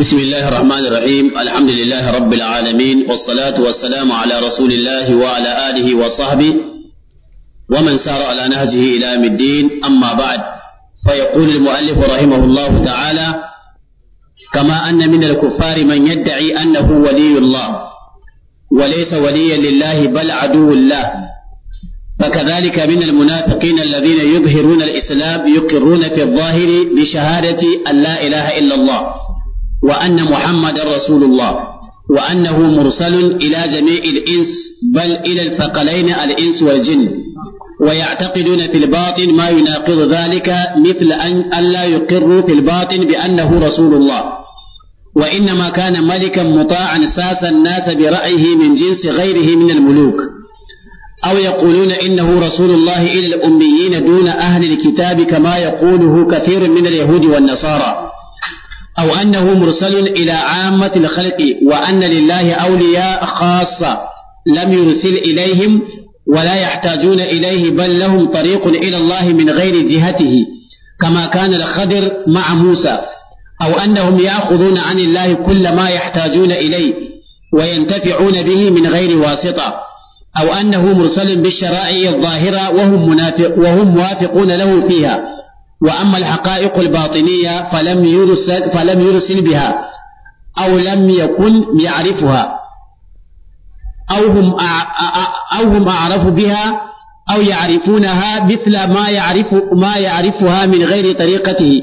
بسم الله الرحمن الرحيم الحمد لله رب العالمين والصلاة والسلام على رسول الله وعلى آله وصحبه ومن سار على نهجه إلى يوم الدين أما بعد فيقول المؤلف رحمه الله تعالى كما أن من الكفار من يدعي أنه ولي الله وليس وليا لله بل عدو الله فكذلك من المنافقين الذين يظهرون الإسلام يقرون في الظاهر بشهادة أن لا إله إلا الله وأن محمد رسول الله وأنه مرسل إلى جميع الإنس بل إلى الثقلين الإنس والجن ويعتقدون في الباطن ما يناقض ذلك مثل أن لا يقروا في الباطن بأنه رسول الله وإنما كان ملكا مطاعا ساس الناس برأيه من جنس غيره من الملوك أو يقولون إنه رسول الله إلى الأميين دون أهل الكتاب كما يقوله كثير من اليهود والنصارى أو أنه مرسل إلى عامة الخلق وأن لله أولياء خاصة لم يرسل إليهم ولا يحتاجون إليه بل لهم طريق إلى الله من غير جهته كما كان الخدر مع موسى أو أنهم يأخذون عن الله كل ما يحتاجون إليه وينتفعون به من غير واسطة أو أنه مرسل بالشرائع الظاهرة وهم, منافق وهم موافقون له فيها وأما الحقائق الباطنية فلم يرسل, فلم يرسل بها أو لم يكن يعرفها أو هم, أو هم أعرف بها أو يعرفونها مثل ما, يعرف ما يعرفها من غير طريقته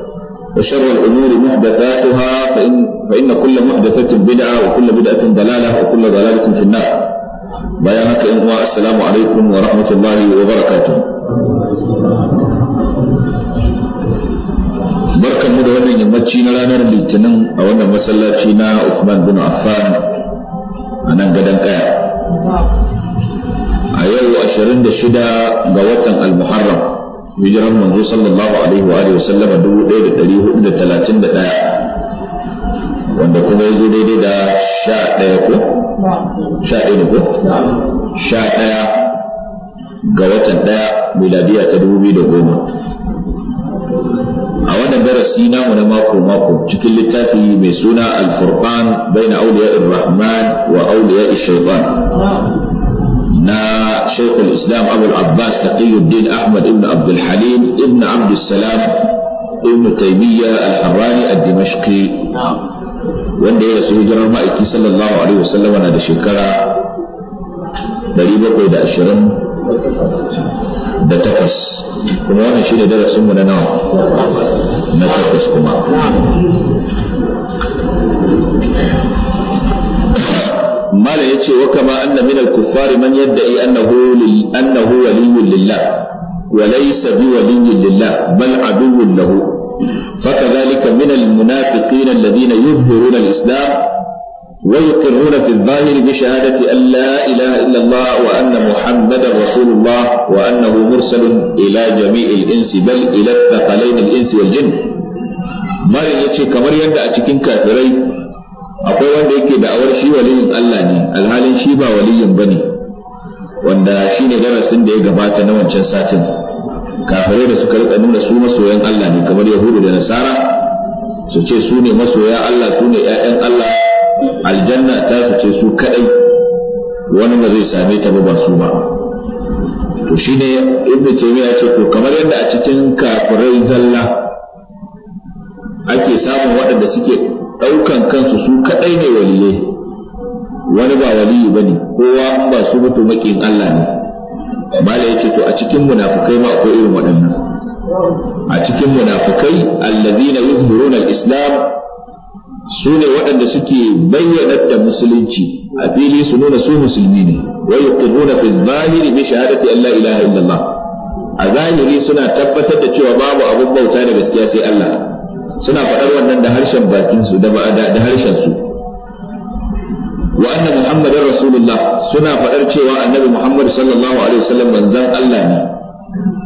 وشر الأمور محدثاتها فإن, فإن كل محدثة بدعة وكل بدعة ضلالة وكل ضلالة في النار بيانك إن السلام عليكم ورحمة الله وبركاته بركة مدهنة يمتشينا لنا لتنم أولا مسلا تشينا عثمان بن عفان أنا قدن كايا نعم. أيوة أشرين دشدا غوطن المحرم hijiran manzo sallallahu alaihi wa alihi da ɗaya, wanda kuma yazo daidai da 11 ko 11 ko 11 ga watan ɗaya miladiya ta dubu biyu da goma. a wannan darasi namu na mako mako cikin littafi mai suna al-furqan baina awliya ar-rahman wa awliya ash-shaytan نا شيخ الإسلام أبو العباس تقي الدين أحمد ابن عبد الحليم ابن عبد السلام ابن تيمية الحراني الدمشقي wanda ya rasu hijirar ma'aiki sallallahu alaihi wasallam na da shekara 728 kuma wannan shi ne darasinmu na nawa na takwas mala ya ce wa kama anna minal kuffari man yadda yi annahu annahu waliyyun lillah wa bi waliyyin lillah bal aduwwun lahu fakadhalika min al munafiqin alladhina yuzhiruna al islam wa yuqirruna fi adh-dhahir bi shahadati an la ilaha illa allah wa anna muhammadar rasulullah wa annahu mursalun ila jami'i al bal ila thaqalain al insi wal ya ce kamar yadda a cikin kafirai akwai wanda yake da'awar shi waliyin Allah ne alhalin shi ba waliyin bane wanda shi ne darasin da ya gabata na wancan satin kafirai da suka rika nuna su masoyan Allah ne kamar yahudu da nasara su ce su ne masoya Allah su ne ƴaƴan Allah aljanna ta su ce su kadai wani ba zai same ta ba ba su ba to shine ibnu taymiya ya ce to kamar yadda a cikin kafirai zalla ake samun waɗanda suke ɗaukan kansu su kaɗai ne waliyai wani ba waliyi ba ne kowa ba su mutu maƙin Allah ne mala ya ce to a cikin munafukai ma akwai irin waɗannan a cikin munafukai allazina yuzhiruna al-islam su ne waɗanda suke bayyana da musulunci a fili su nuna su musulmi ne wa yuqirruna fi zahiri bi shahadati an la ilaha illallah a zahiri suna tabbatar da cewa babu abin bauta da gaskiya sai Allah suna faɗar wannan da harshen bakin da da harshen su wa anna muhammadar suna faɗar cewa annabi muhammad sallallahu alaihi wasallam manzon Allah ne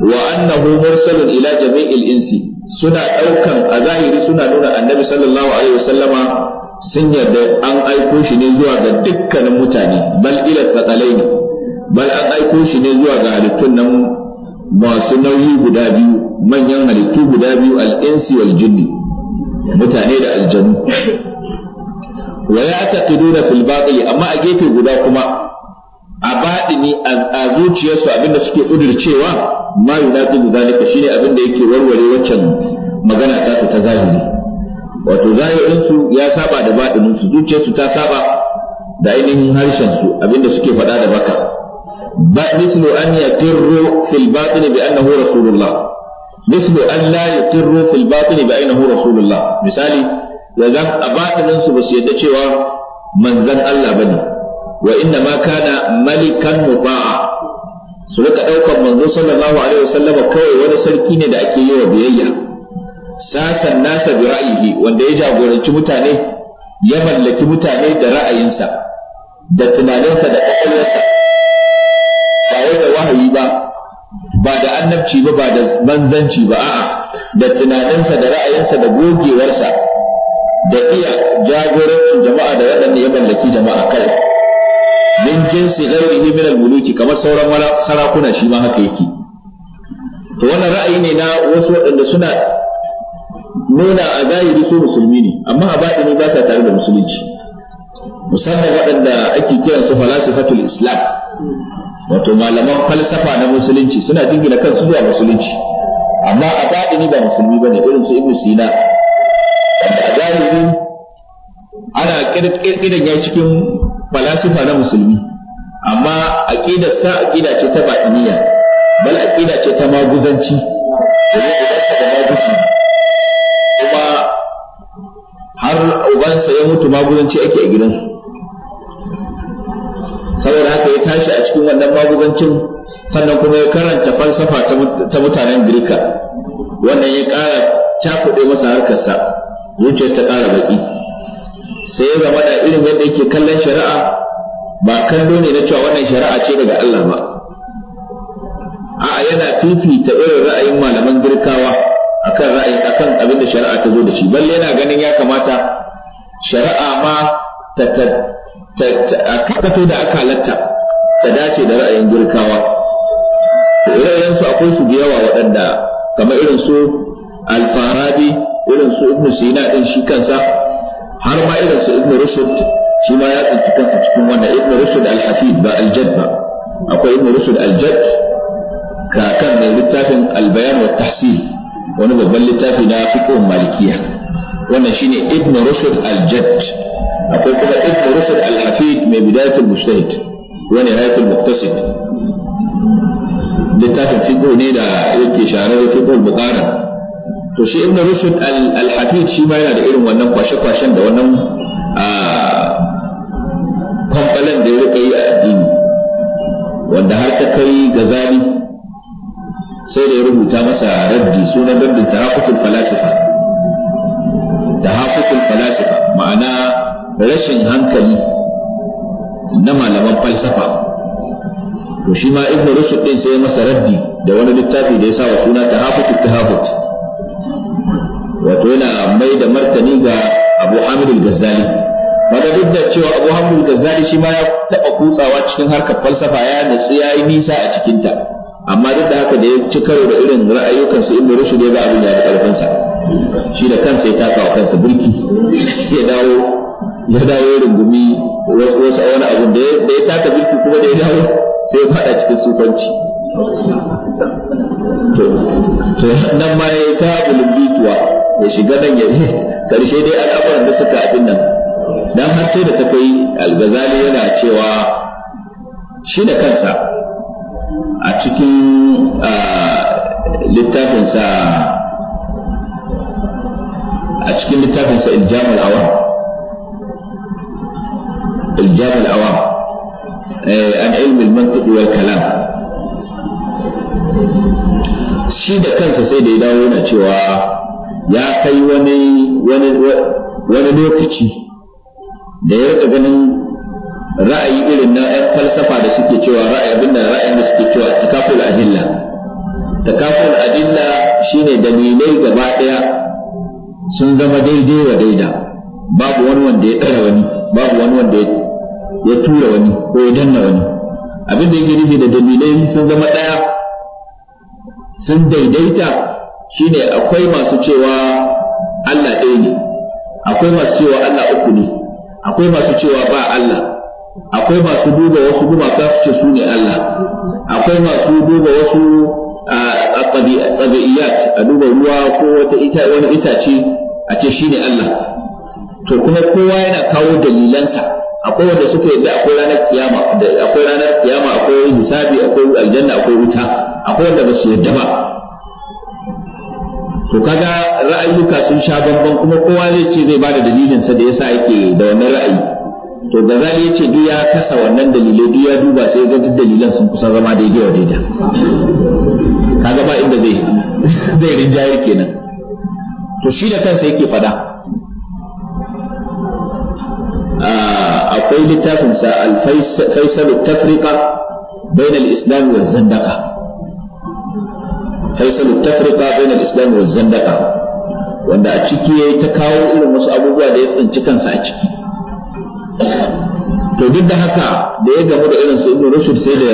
wa annahu mursalun ila jami'il insi suna ɗaukan a zahiri suna nuna annabi sallallahu alaihi wasallama sun yarda an aiko shi ne zuwa ga dukkanin mutane bal ila tsakalaini bal an aiko shi ne zuwa ga halittun nan masu nauyi guda biyu manyan halittu guda biyu al'insi wal mutane da aljanu wa ya'taqiduna fil baqi amma a gefe guda kuma a baɗini a zuciyarsu abinda suke kudircewa ma yunaqidu dalika shine abinda yake warware waccan magana ta su ta zahiri wato zahirin su ya saba da baɗinin su zuciyarsu ta saba da ainihin harshen su abinda suke faɗa da baka ba mislu an yatirru fil baqi bi annahu rasulullah mislu an la yuqirru fil batin bi ainihi rasulullah misali daga a batinin su basu yadda cewa manzan Allah bane wa inna ma kana malikan muta'a su rika daukar manzo sallallahu alaihi wasallama kawai wani sarki ne da ake yi wa biyayya sasan nasa bi ra'yihi wanda ya jagoranci mutane ya mallaki mutane da ra'ayinsa da tunaninsa da kwakwalwarsa ba wai da wahayi ba ba da annabci ba ba da manzanci ba a'a da tunaninsa da ra'ayinsa da gogewarsa da iya jagorancin jama'a da waɗanda ya mallaki jama'a kai min jinsi ghairihi min al-muluki kamar sauran sarakuna shi ma haka yake to wannan ra'ayi ne na wasu waɗanda suna nuna a zahiri su musulmi ne amma a baɗini ba sa tare da musulunci musamman waɗanda ake kiransu su falasifatul islam wato malaman falsafa na musulunci suna jingina kansu zuwa musulunci amma a ni ba musulmi bane irin su ibnu sina a galibi ana kirkiran ya cikin falasifa na musulmi amma aqidar sa aqida ce ta baɗiniya bal aqida ce ta maguzanci da kuma har ubansa ya mutu maguzanci ake a gidansu saboda haka ya tashi a cikin wannan maguzancin sannan kuma ya karanta falsafa ta mutanen girka wannan ya ƙara cakuɗe masa harkarsa zuciyar ta ƙara baƙi sai ya zama da irin yadda yake kallon shari'a ba kallo ne na cewa wannan shari'a ce daga Allah ba a'a yana fifita irin ra'ayin malaman girkawa akan ra'ayin akan abin da shari'a ta zo da shi balle yana ganin ya kamata shari'a ma ta karkato da aka latta ta dace da ra'ayin girkawa ra'ayin su akwai su da yawa waɗanda kamar irin su alfarabi irin su ibnu sina din shi kansa har ma irin su ibnu rushd shi ma ya tsinci kansa cikin wannan ibnu rushd al-hafid ba al-jadd ba akwai ibnu rushd al-jadd kakan mai littafin al-bayan wa tahsil wani babban littafi na fiqh malikiyya wannan shine ibn rushd al-jadd akwai kuma ibn rushd al-hafid mai bidayatul mujtahid wa nihayatul muqtasid littafin fiqh ne da yake shahararren fiqh al-bukhari to shi ibn rushd al-hafid shi ma yana da irin wannan kwashe-kwashen da wannan kwamfalan da ya rika yi a addini wanda har ta kai ga zani sai da ya rubuta masa raddi sunan raddin tarakutul tashin hankali na malaman falsafa to shi ma ibnu rushd din sai masa raddi da wani littafi da ya sa wa suna tahafut tahafut wato yana mai da martani ga Abu Hamid al-Ghazali Bada duk cewa Abu Hamid al-Ghazali shi ma ya taba kutsawa cikin harkar falsafa ya nutsu ya yi nisa a cikin ta amma duk da haka da ya ci karo da irin ra'ayoyin su ibnu rushd ya ga abin da ya karfin sa shi da kansa ya taka wa kansa burki ya dawo ya dawo rungumi wasu wasu a wani abin da ya taka birki kuma da ya dawo sai ya fada cikin sufanci to nan ma ya ta bulumbituwa ya shiga nan ya karshe dai al'amuran da suka abin nan dan har sai da ta kai algazali yana cewa shi da kansa a cikin littafinsa a cikin littafinsa iljamul awam الجامع العوام عن علم المنطق والكلام shi da kansa sai da ya dawo yana cewa ya kai wani wani lokaci da ya rika ganin ra'ayi irin na 'yan falsafa da suke cewa ra'ayi abinda ra'ayin da suke cewa takaful adilla takaful adilla shine dalilai gaba daya sun zama daidai wa daida babu wani wanda ya tsara wani babu wani wanda ya ya tura wani ko ya danna wani abin da yake nufi da dalilai sun zama ɗaya sun daidaita shine akwai masu cewa Allah ɗaya ne akwai masu cewa Allah uku ne akwai masu cewa ba Allah akwai masu duba wasu gumaka su ce su ne Allah akwai masu duba wasu a a duba ruwa ko wata ita wani itace a ce shine Allah to kuma kowa yana kawo dalilansa akwai wanda suka yadda akwai ranar kiyama akwai ranar kiyama akwai hisabi akwai aljanna akwai wuta akwai wanda ba su yadda ba to kaga ra'ayuka sun sha bamban kuma kowa zai ce zai bada dalilin sa da yasa yake da wannan ra'ayi to gazali ya ce duk ya kasa wannan dalilai duk ya duba sai ga duk dalilan sun kusa zama daidai wa daida kaga ba inda zai zai rinjaye kenan to shi da kansa yake fada ah, akwai littafin sa al-faisal tafriqa bain al-islam wa zandaqa faisal tafriqa bain al-islam wa zandaqa wanda a ciki yayi ta kawo irin wasu abubuwa da ya tsinci kansa a ciki to duk da haka da ya gamu da irin su ibn rushd sai da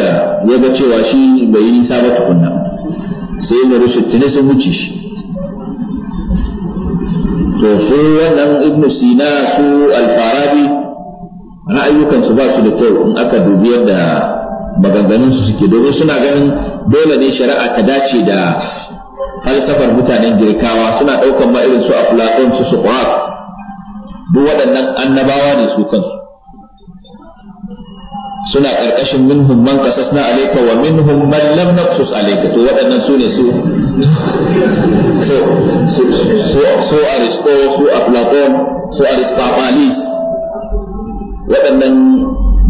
ya ga cewa shi bai yi nisa ba tukunna sai ibn rushd tuni sun wuce shi to su wannan ibn sina su al-farabi ana ba su da kyau in aka dubi yadda maganganun su suke domin suna ganin dole ne shari'a ta dace da falsafar mutanen girkawa suna ɗaukan ma irin su aflatun su suqrat duk waɗannan annabawa ne su kansu suna ƙarƙashin minhum man qasasna alayka wa minhum man lam naqsus alayka to waɗannan su ne su so so so aristo su aflatun su aristofanis waɗannan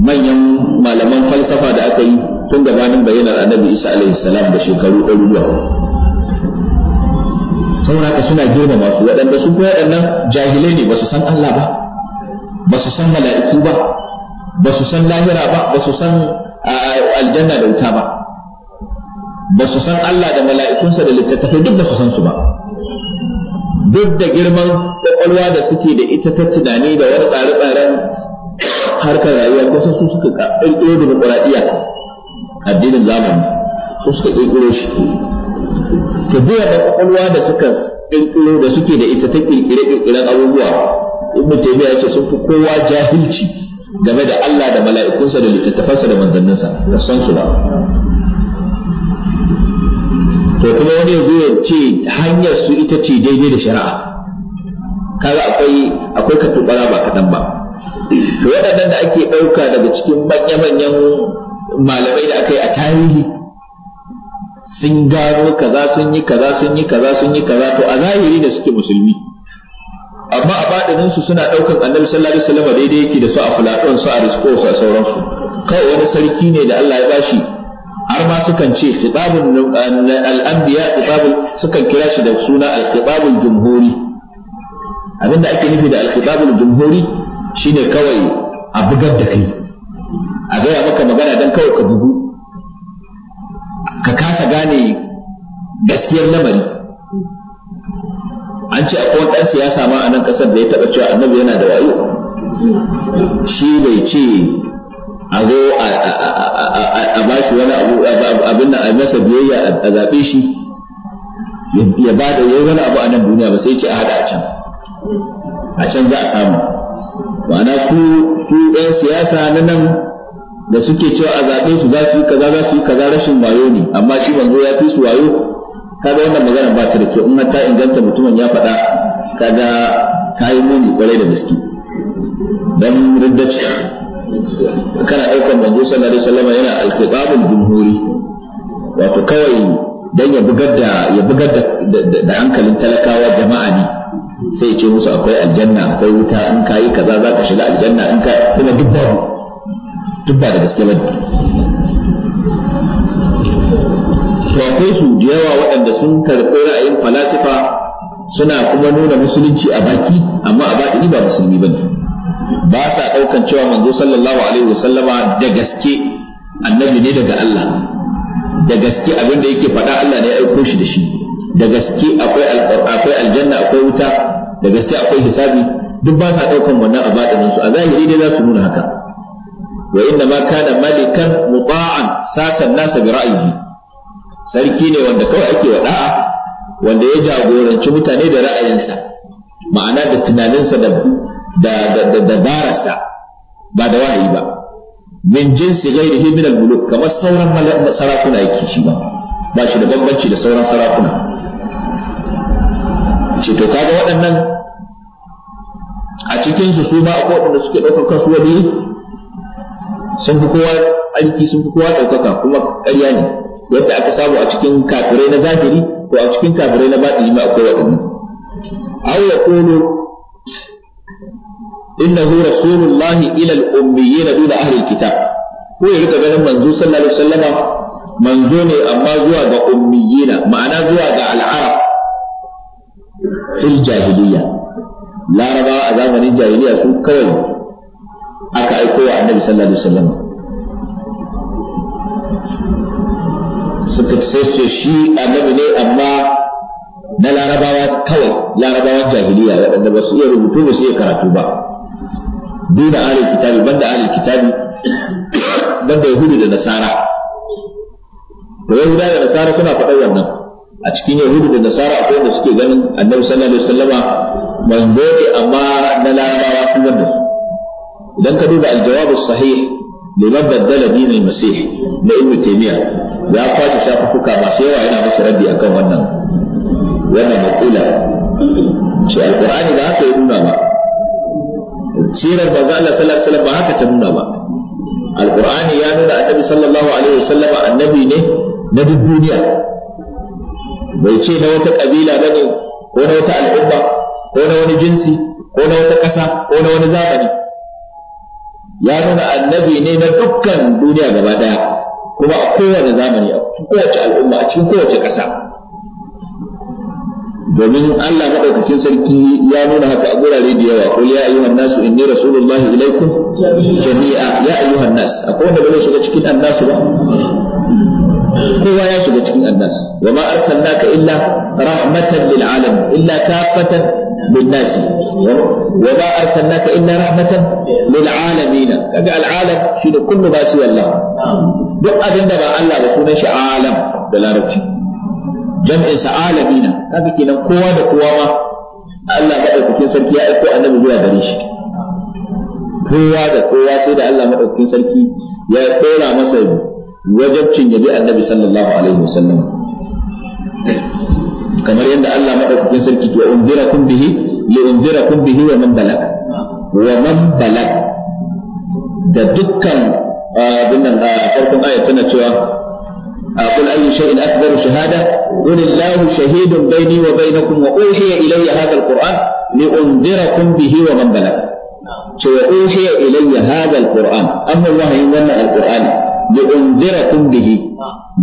manyan malaman falsafa da aka yi tun gabanin bayyanar annabi isa alaihi salam da shekaru ɗaruruwa saboda haka suna girmama su waɗanda su kuma waɗannan jahilai ne ba su san Allah ba ba su san mala'iku ba ba su san lahira ba ba su san aljanna da wuta ba ba su san Allah da mala'ikunsa da littattafai duk ba su san su ba duk da girman ƙwaƙwalwa da suke da ita ta tunani da wani tsare-tsaren harkar rayuwa ko su suka ƙirƙiro da demokuraɗiyya addinin zamani su suka ƙirƙiro shi Ta biya da kwakwalwa da suka ƙirƙiro da suke da ita ta ƙirƙire ƙirƙiren abubuwa ibnu taymiya yace sun fi kowa jahilci game da Allah da mala'ikunsa da littattafansa da manzanninsa da san su ba to kuma wani ya ya ce hanyar su ita ce daidai da shari'a kaga akwai akwai katubara ba kaɗan ba to waɗannan da ake ɗauka daga cikin manya-manyan malamai da aka yi a tarihi sun gano kaza sun yi kaza sun yi kaza sun yi kaza to a zahiri da suke musulmi amma a baɗinin su suna ɗaukan annabi sallallahu alaihi wasallam daidai yake da su a fulaton su a risko su a sauransu kawai wani sarki ne da Allah ya bashi har ma sukan ce khitabun eh, al-anbiya khitabun sukan kira shi da suna al-khitabul jumhuri abinda ake nufi da al-khitabul jumhuri Shi ne kawai a bugar da kai a gaya maka magana don kawai ka bugu ka kasa gane gaskiyar lamari an ce akwai ɗan siyasa ma a nan ƙasar da ya taɓa cewa annabi yana da wayo shi bai ce a zo a ba shi wani abu abin da a masa biyayya a zaɓe shi ya ba da wani abu a nan duniya ba sai ce a haɗa a can a can za a samu ma'ana su su ɗan siyasa na nan da suke cewa a zaɓe su za su yi kaza za su yi kaza rashin wayo ne amma shi manzo ya fi su wayo kaga wannan magana ba ta da kyau in ta inganta mutumin ya faɗa kaga yi muni kwarai da gaske dan riddaci kana ɗaukar manzo sallallahu alaihi wasallam yana alkitabul jumhuri wato kawai dan ya bugar da ya bugar da hankalin talakawa jama'a ne sai ce musu akwai aljanna akwai wuta in ka yi kaza za ka shiga aljanna in ka kuma duk babu duk ba da gaske ba to akwai su da yawa waɗanda sun karɓi ra'ayin falasifa suna kuma nuna musulunci a baki amma a baki ba musulmi ba ne ba sa ɗaukan cewa manzo sallallahu alaihi wasallama da gaske annabi ne daga Allah da gaske abin da yake faɗa Allah ne ya aiko shi da shi da gaske akwai akwai aljanna akwai wuta da gaske akwai hisabi duk ba sa daukan wannan abadanin su a zahiri dai za su nuna haka wa inna ma kana malikan muta'an sasan nasa bi ra'ayi sarki ne wanda kawai ake wa wanda ya jagoranci mutane da ra'ayinsa ma'ana da tunaninsa da da dabararsa ba da wahayi ba min jinsi gairihi min al buluk kamar sauran sarakuna yake shi ba ba shi da bambanci da sauran sarakuna ce to kaga waɗannan a cikinsu su ba akwai waɗanda suke ɗaukar kansu wani sun fi kowa aiki sun fi kowa ɗaukaka kuma ƙarya ne yadda aka samu a cikin kafirai na zahiri ko a cikin kafirai na baɗi ma akwai waɗannan aw yaqulu innahu rasulullahi ila al-ummiyyin duna ahli al-kitab ko ya rika ganin manzo sallallahu alaihi wasallama manzo ne amma zuwa ga ummiyina ma'ana zuwa ga al'arab fil jahiliya larabawa a zamanin jahiliya su kawai aka aiko wa annabi sallallahu alaihi wasallam suka ce shi annabi ne amma na larabawa kawai larabawan jahiliya waɗanda ba su iya rubutu ba su iya karatu ba duna ahlul kitabi banda ahlul kitabi banda yahudu da nasara to yahuda da nasara kuna faɗar wannan a cikin yahudu da nasara akwai wanda suke ganin annabi sallallahu alaihi wasallama manzo ne amma na larabawa sun wanda su idan ka duba aljawabu sahih liman baddala dinin masih na ibnu taymiya ya kwace shafukuka masu yawa yana masa rabbi akan wannan wannan maƙula shi alqur'ani da haka ya nuna ba sirar manzo Allah sallallahu alaihi wasallam ba haka ta nuna ba alqur'ani ya nuna annabi sallallahu alaihi wasallama annabi ne na duk duniya bai ce na wata kabila ba ne ko na wata al'umma ko na wani jinsi ko na wata ƙasa ko na wani zamani ya nuna annabi ne na dukkan duniya gaba daya kuma a kowane zamani a kowace al'umma a cikin kowace ƙasa domin Allah maɗaukacin sarki ya nuna haka a gurare da yawa qul ya ayyuhan nasu inni rasulullahi ilaikum jami'a ya ayyuhan nas akwai wanda ba shiga cikin annasu ba kowa ya shiga cikin annas wa ma arsalnaka illa rahmatan lil alamin illa kafatan lin nas wa ma arsalnaka illa rahmatan lil alamin kaga al alam shine kullu ba su Allah duk abin da ba Allah ba sunan shi alam da larabci jam'in sa alamina kaga kenan kowa da kowa ma Allah madaukakin sarki ya aiko annabi zuwa gare shi kowa da kowa sai da Allah madaukakin sarki ya dora masa yi. wajabcin ya bi annabi sallallahu alaihi wasallam kamar yadda Allah madaukakin sarki wa unzirakum bihi li unzirakum bihi wa man balag wa man balag da dukkan abin nan farkon ayat tana cewa قل أي شيء أكبر شهادة قل الله شهيد بيني وبينكم وأوحي إلي هذا القرآن لأنذركم به ومن بلغ وأوحي إلي هذا القرآن أما الله إن القرآن li unzirakum bihi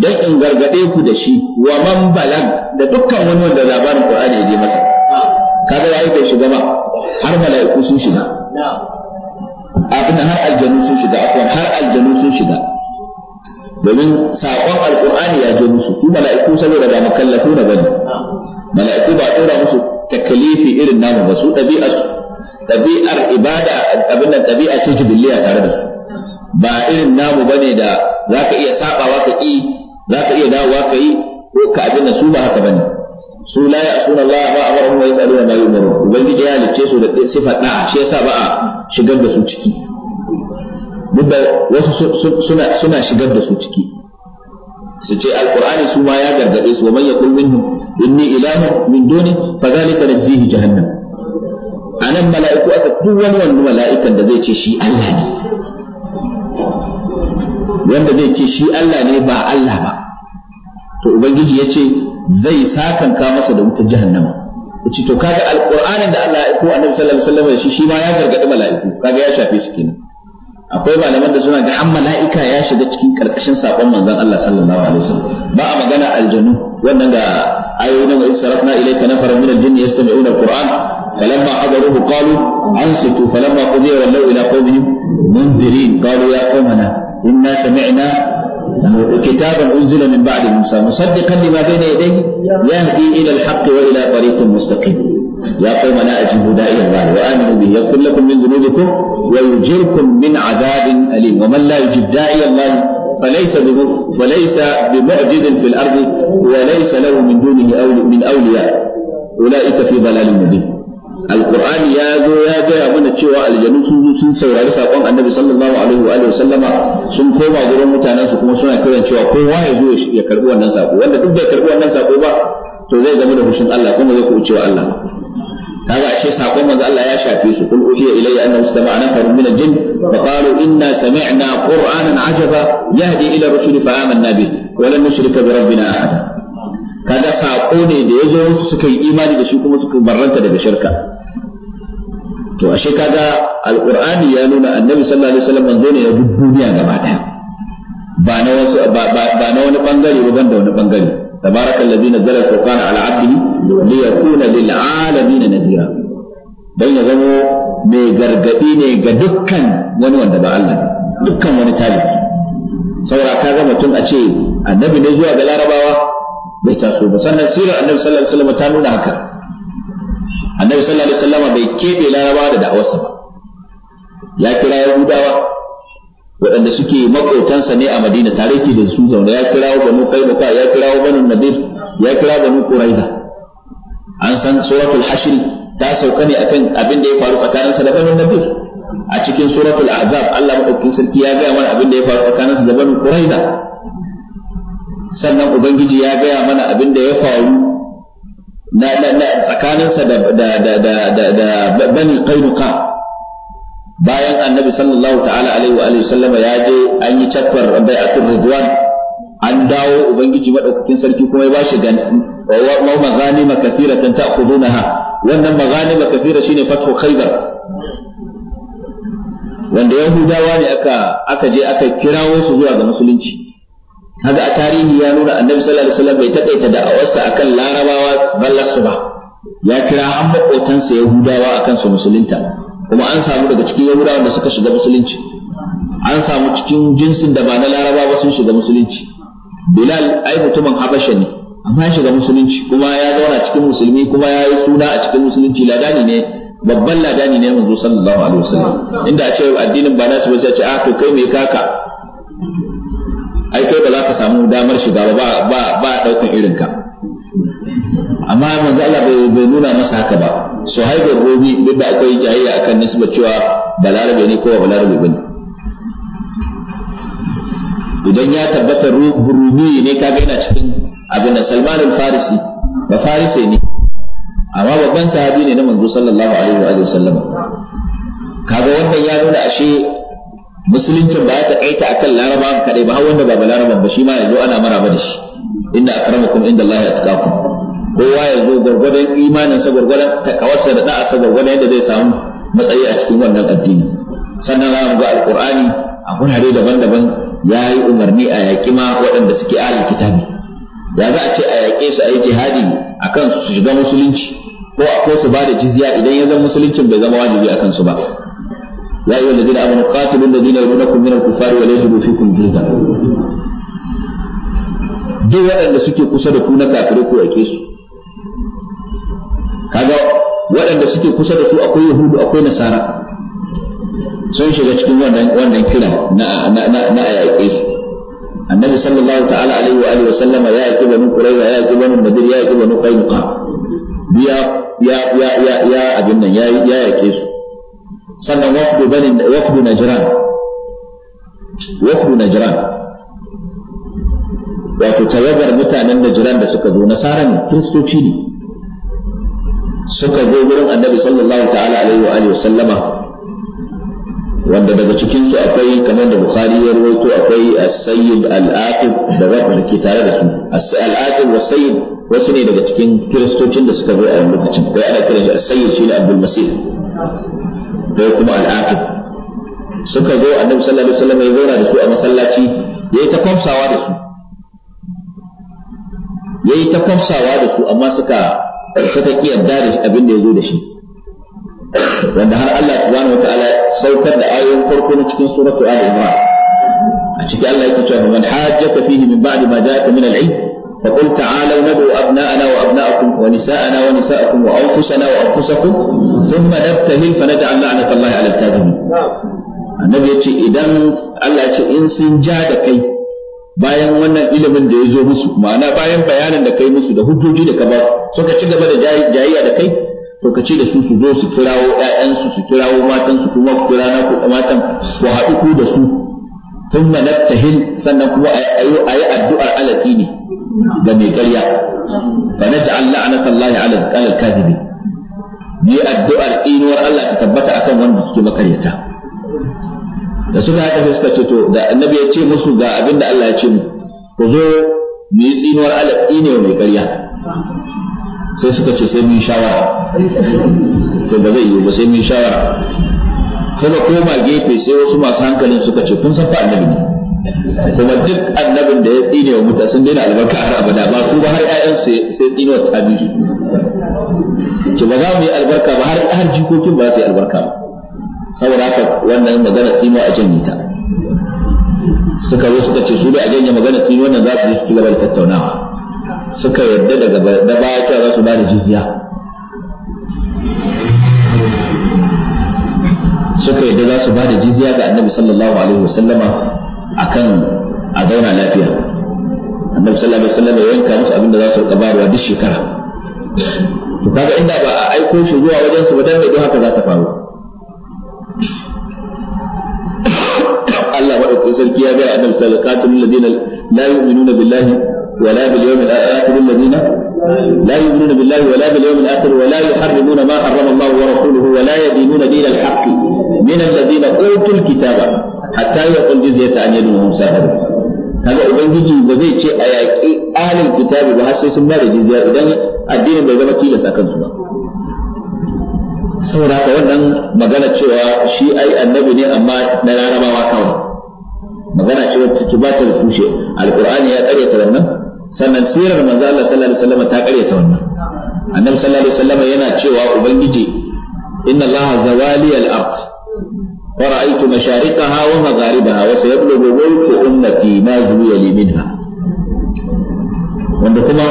dan in gargade ku da shi wa man balag da dukkan wani wanda labarin Qur'ani ya je masa kaga yayi bai shiga ba har mala'iku sun shiga abin har aljanu sun shiga akwai har aljanu sun shiga domin saƙon alƙur'ani ya je musu su mala'iku saboda ba makallafu na bane mala'iku ba tura musu takalifi irin namu ba su ɗabi'ar ibada abin da ɗabi'a ce jibiliya tare da su ba irin namu bane da zaka iya sabawa ka za zaka iya dawowa ka yi ko ka abin da su ba haka bane su la ya ya'suna Allah a amara wa yaqaluna mai yumaru ubangiji ya halicce su da sifar da'a shi yasa ba a shigar da su ciki duk da wasu suna suna shigar da su ciki su ce alqur'ani su ma ya gargade su wa man yaqul minhum inni ilahu min duni zalika najzihi jahannam anan mala'iku aka duk wani wani mala'ikan da zai ce shi Allah ne wanda zai ce shi Allah ne ba Allah ba to ubangiji ya ce zai sakanka masa da wutar jahannama ce to kaga alqur'anin da Allah ya aiko annabi sallallahu alaihi wasallam shi shi ma ya gargadi mala'iku kaga ya shafe shi kenan akwai malaman da suna ga an mala'ika ya shiga cikin karkashin sakon manzon Allah sallallahu alaihi wasallam ba a magana aljanu wannan ga ayoyin wa sarafna ilayka nafara min aljin yastami'una alquran فلما حضروه قالوا انصتوا فلما قضي ولوا الى قومهم منذرين قالوا يا قومنا إنا سمعنا كتابا أنزل من بعد موسى مصدقا لما بين يديه يهدي إلى الحق وإلى طريق مستقيم يا قوم لا أجبوا داعي الله وآمنوا به يغفر لكم من ذنوبكم ويجركم من عذاب أليم ومن لا يجب داعي الله فليس فليس بمعجز في الأرض وليس له من دونه أولي من أولياء أولئك في ضلال مبين alkur'ani ya zo ya gaya mana cewa aljanu sun zo sun saurari sakon annabi sallallahu alaihi wa alihi sallama sun koma gurin mutanen su kuma suna kiran cewa kowa ya zo ya karbi wannan saƙo wanda duk bai karbi wannan sako ba to zai zama da hushin Allah kuma zai kuɓuce wa Allah kaga ashe saƙon manzo Allah ya shafe su kul uhiya ilayya annahu sama'a nafarun min jin jinn fa qalu inna sami'na qur'anan ajaba yahdi ila rusul fa amanna bihi wa lan nushrika bi rabbina ahada kaga sako ne da ya zo suka yi imani da shi kuma suka barranta daga shirka to ashe kaga alqur'ani ya nuna annabi sallallahu alaihi wasallam manzo ne ya duk duniya gaba daya ba na wasu ba na wani bangare ba banda wani bangare tabarakallazi nazzala alqur'ana ala abdihi liyakuna lil alamin nadira dan ya zamo mai gargadi ne ga dukkan wani wanda ba Allah dukkan wani talibi saura ka ga mutum a ce annabi ne zuwa ga larabawa bai taso ba sannan sirar annabi sallallahu alaihi wasallam ta nuna haka annabi sallallahu alaihi wasallam bai kebe laraba da da'awarsa ba ya kira yahudawa waɗanda suke makotansa ne a madina tare ke da su zaune ya kira wa banu kaimuka ya kira wa banu nadir ya kira banu quraiza an san suratul hashr ta sauka ne akan abin da ya faru tsakaninsa da banu nadir a cikin suratul azab Allah madaukakin sarki ya gaya mana abin da ya faru tsakaninsa da banu quraiza sannan ubangiji ya gaya mana abin da ya faru na tsakaninsa da bani qainuqa bayan annabi sallallahu ta'ala alaihi wa alihi sallama ya je an yi cakwar bai'atul ridwan an dawo ubangiji madaukakin sarki kuma ya bashi gan wa maghanima kathiratan ta'khudunaha wannan maghanima kathira shine fathu khaybar wanda yahudawa ne aka aka je aka kirawo su zuwa ga musulunci kaga a tarihi ya nuna annabi sallallahu alaihi wasallam bai takaita da'awarsa akan larabawa ballarsu ba ya kira an maƙotansa yahudawa akan su musulunta kuma an samu daga cikin yahudawa da suka shiga musulunci an samu cikin jinsin da ba na larabawa sun shiga musulunci bilal ai mutumin habasha ne amma ya shiga musulunci kuma ya zauna cikin musulmi kuma ya yi suna a cikin musulunci ladani ne babban ladani ne manzo sallallahu alaihi wasallam inda a ce addinin ba nasu ba sai a ce a ah, to kai me kaka ai kai ba za ka samu damar shiga ba ba ba daukan irin ka amma manzo Allah bai nuna masa haka ba suhaibul gobi duk da akwai jayayya akan nisba cewa balarabe ne ko balarabe bane idan ya tabbata rumi ne kaga yana cikin abin da Salman al-Farisi ba Farisi ne amma babban sahabi ne na manzo sallallahu alaihi wa sallam kaga wannan ya nuna ashe musuluncin ba ya takaita akan laraba kadai ba har wanda ba laraban ba shi ma yanzu ana maraba da shi inda akramakum inda Allah ya tsakaku kowa ya zo gwargwadon imanin sa gwargwadon takawarsa da da'a sa gwargwadon yadda zai samu matsayi a cikin wannan addini sannan za mu ga alqur'ani a gurare daban-daban ya yi umarni a yaƙi ma waɗanda suke alal kitabi ya za a ce a yaƙe su a yi jihadi kan su shiga musulunci ko a ko su ba da jizya idan ya zama musuluncin bai zama wajibi a kansu ba يا أيها الذين آمنوا قاتلوا الذين يلونكم من الكفار وليجدوا فيكم جلدا duk waɗanda suke kusa da ku na kafirai ko yake su kaga waɗanda suke kusa da su akwai yahudu akwai nasara sun shiga cikin wannan wannan kira na na na yaƙe su annabi sallallahu ta'ala alaihi wa alihi wa sallama ya yaƙi banu quraiza ya yaƙi banu nadir ya yaƙi banu qainuqa ya ya ya ya abin nan ya ya yaƙe su sannan wafdu banin wafdu najran wafdu najran wato tawagar mutanen najran da suka zo nasara ne kristoci ne suka zo wurin annabi sallallahu ta'ala alaihi wa alihi sallama wanda daga cikin su akwai kamar da bukhari ya rawaito akwai as-sayyid al-aqib da wanda ke tare da su as-aqib wa sayyid wasu ne daga cikin kiristocin da suka zo a lokacin akwai ana kiran shi as-sayyid shi ne abdul masih ɗaya kuma al'aqib suka zo annabi sallallahu alaihi wasallam ya zauna da su a masallaci yayi ta kwafsawa da su yayi ta kwafsawa da su amma suka suka ki yarda da abin da ya zo da shi wanda har Allah subhanahu wataala saukar da ayoyin farko na cikin suratul ali imran a cikin Allah yake cewa man hajjaka fihi min ba'di ma ja'aka min al-ilm فقل تعالوا ندعو أبناءنا وأبناءكم ونساءنا ونساءكم وأنفسنا وأنفسكم ثم نبتهل فنجعل لعنة الله على الكاذبين annabi ya ce idan Allah ya ce in sun ja da kai bayan wannan ilimin da ya zo musu ma'ana bayan bayanan da kai musu da hujjoji da ka ba suka ci gaba da jayayya da kai to ka ci da su su zo su kirawo ƴaƴansu su kirawo matansu kuma ku kira na ku matan ku haɗu ku da su thumma nabtahil sannan kuma ayi ayi addu'ar alati ne ga mai ƙarya fa naj'al la'natallahi 'ala al-kadhibi ni addu'ar tsinuwar Allah ta tabbata akan wanda suke makaryata da suka haka sai suka ce to da annabi ya ce musu ga abinda Allah ya ce mu ku zo mu yi tsinuwar Allah tsine mai ƙarya sai suka ce sai mun shawara to ba zai yi ba sai mun shawara sai da koma gefe sai wasu masu hankalin suka ce kun san fa annabi ne kuma duk annabin da ya tsine wa mutane sun daina albarka har abada ba su ba har ƴaƴan sai tsine wa tabi su to ba za mu yi albarka ba har har jikokin ba su yi albarka ba saboda haka wannan magana tsino a janye ta suka zo suka ce su da a janye magana tsino wannan za su yi su ci gaba da tattaunawa suka yarda daga baya cewa za su ba da jizya suka yadda za su ba da jizya ga annabi sallallahu alaihi wasallama akan a zauna lafiya annabi sallallahu alaihi wasallama ya yanka musu abin da za su rika bayarwa duk shekara to kaga inda ba a aiko shi zuwa wajen su ba dan mai haka za ta faru Allah ko sarki ya gaya annabi sallallahu alaihi wasallam ladina la yu'minuna billahi ولا باليوم الآخر الذين لا يؤمنون بالله ولا باليوم الآخر ولا يحرمون ما حرم الله ورسوله ولا يدينون دين الحق min alladhina utul kitaba hatta yaqul jizyata an yadin hum sahib kaga ubangiji ba zai ce a yaƙi alin kitabu ba har sai sun bada jizya idan addinin bai zama tilas a kansu ba saboda haka wannan magana cewa shi ai annabi ne amma na larabawa kawai magana cewa ta ba ta tushe alqur'ani ya karyata wannan sannan sirar manzo Allah sallallahu alaihi wasallam ta karyata wannan annabi sallallahu alaihi wasallam yana cewa ubangiji inna allaha zawali al-ard فرأيت مشارقها ومغاربها وسيبلغ ملك أمتي ما زوي لي منها wanda kuma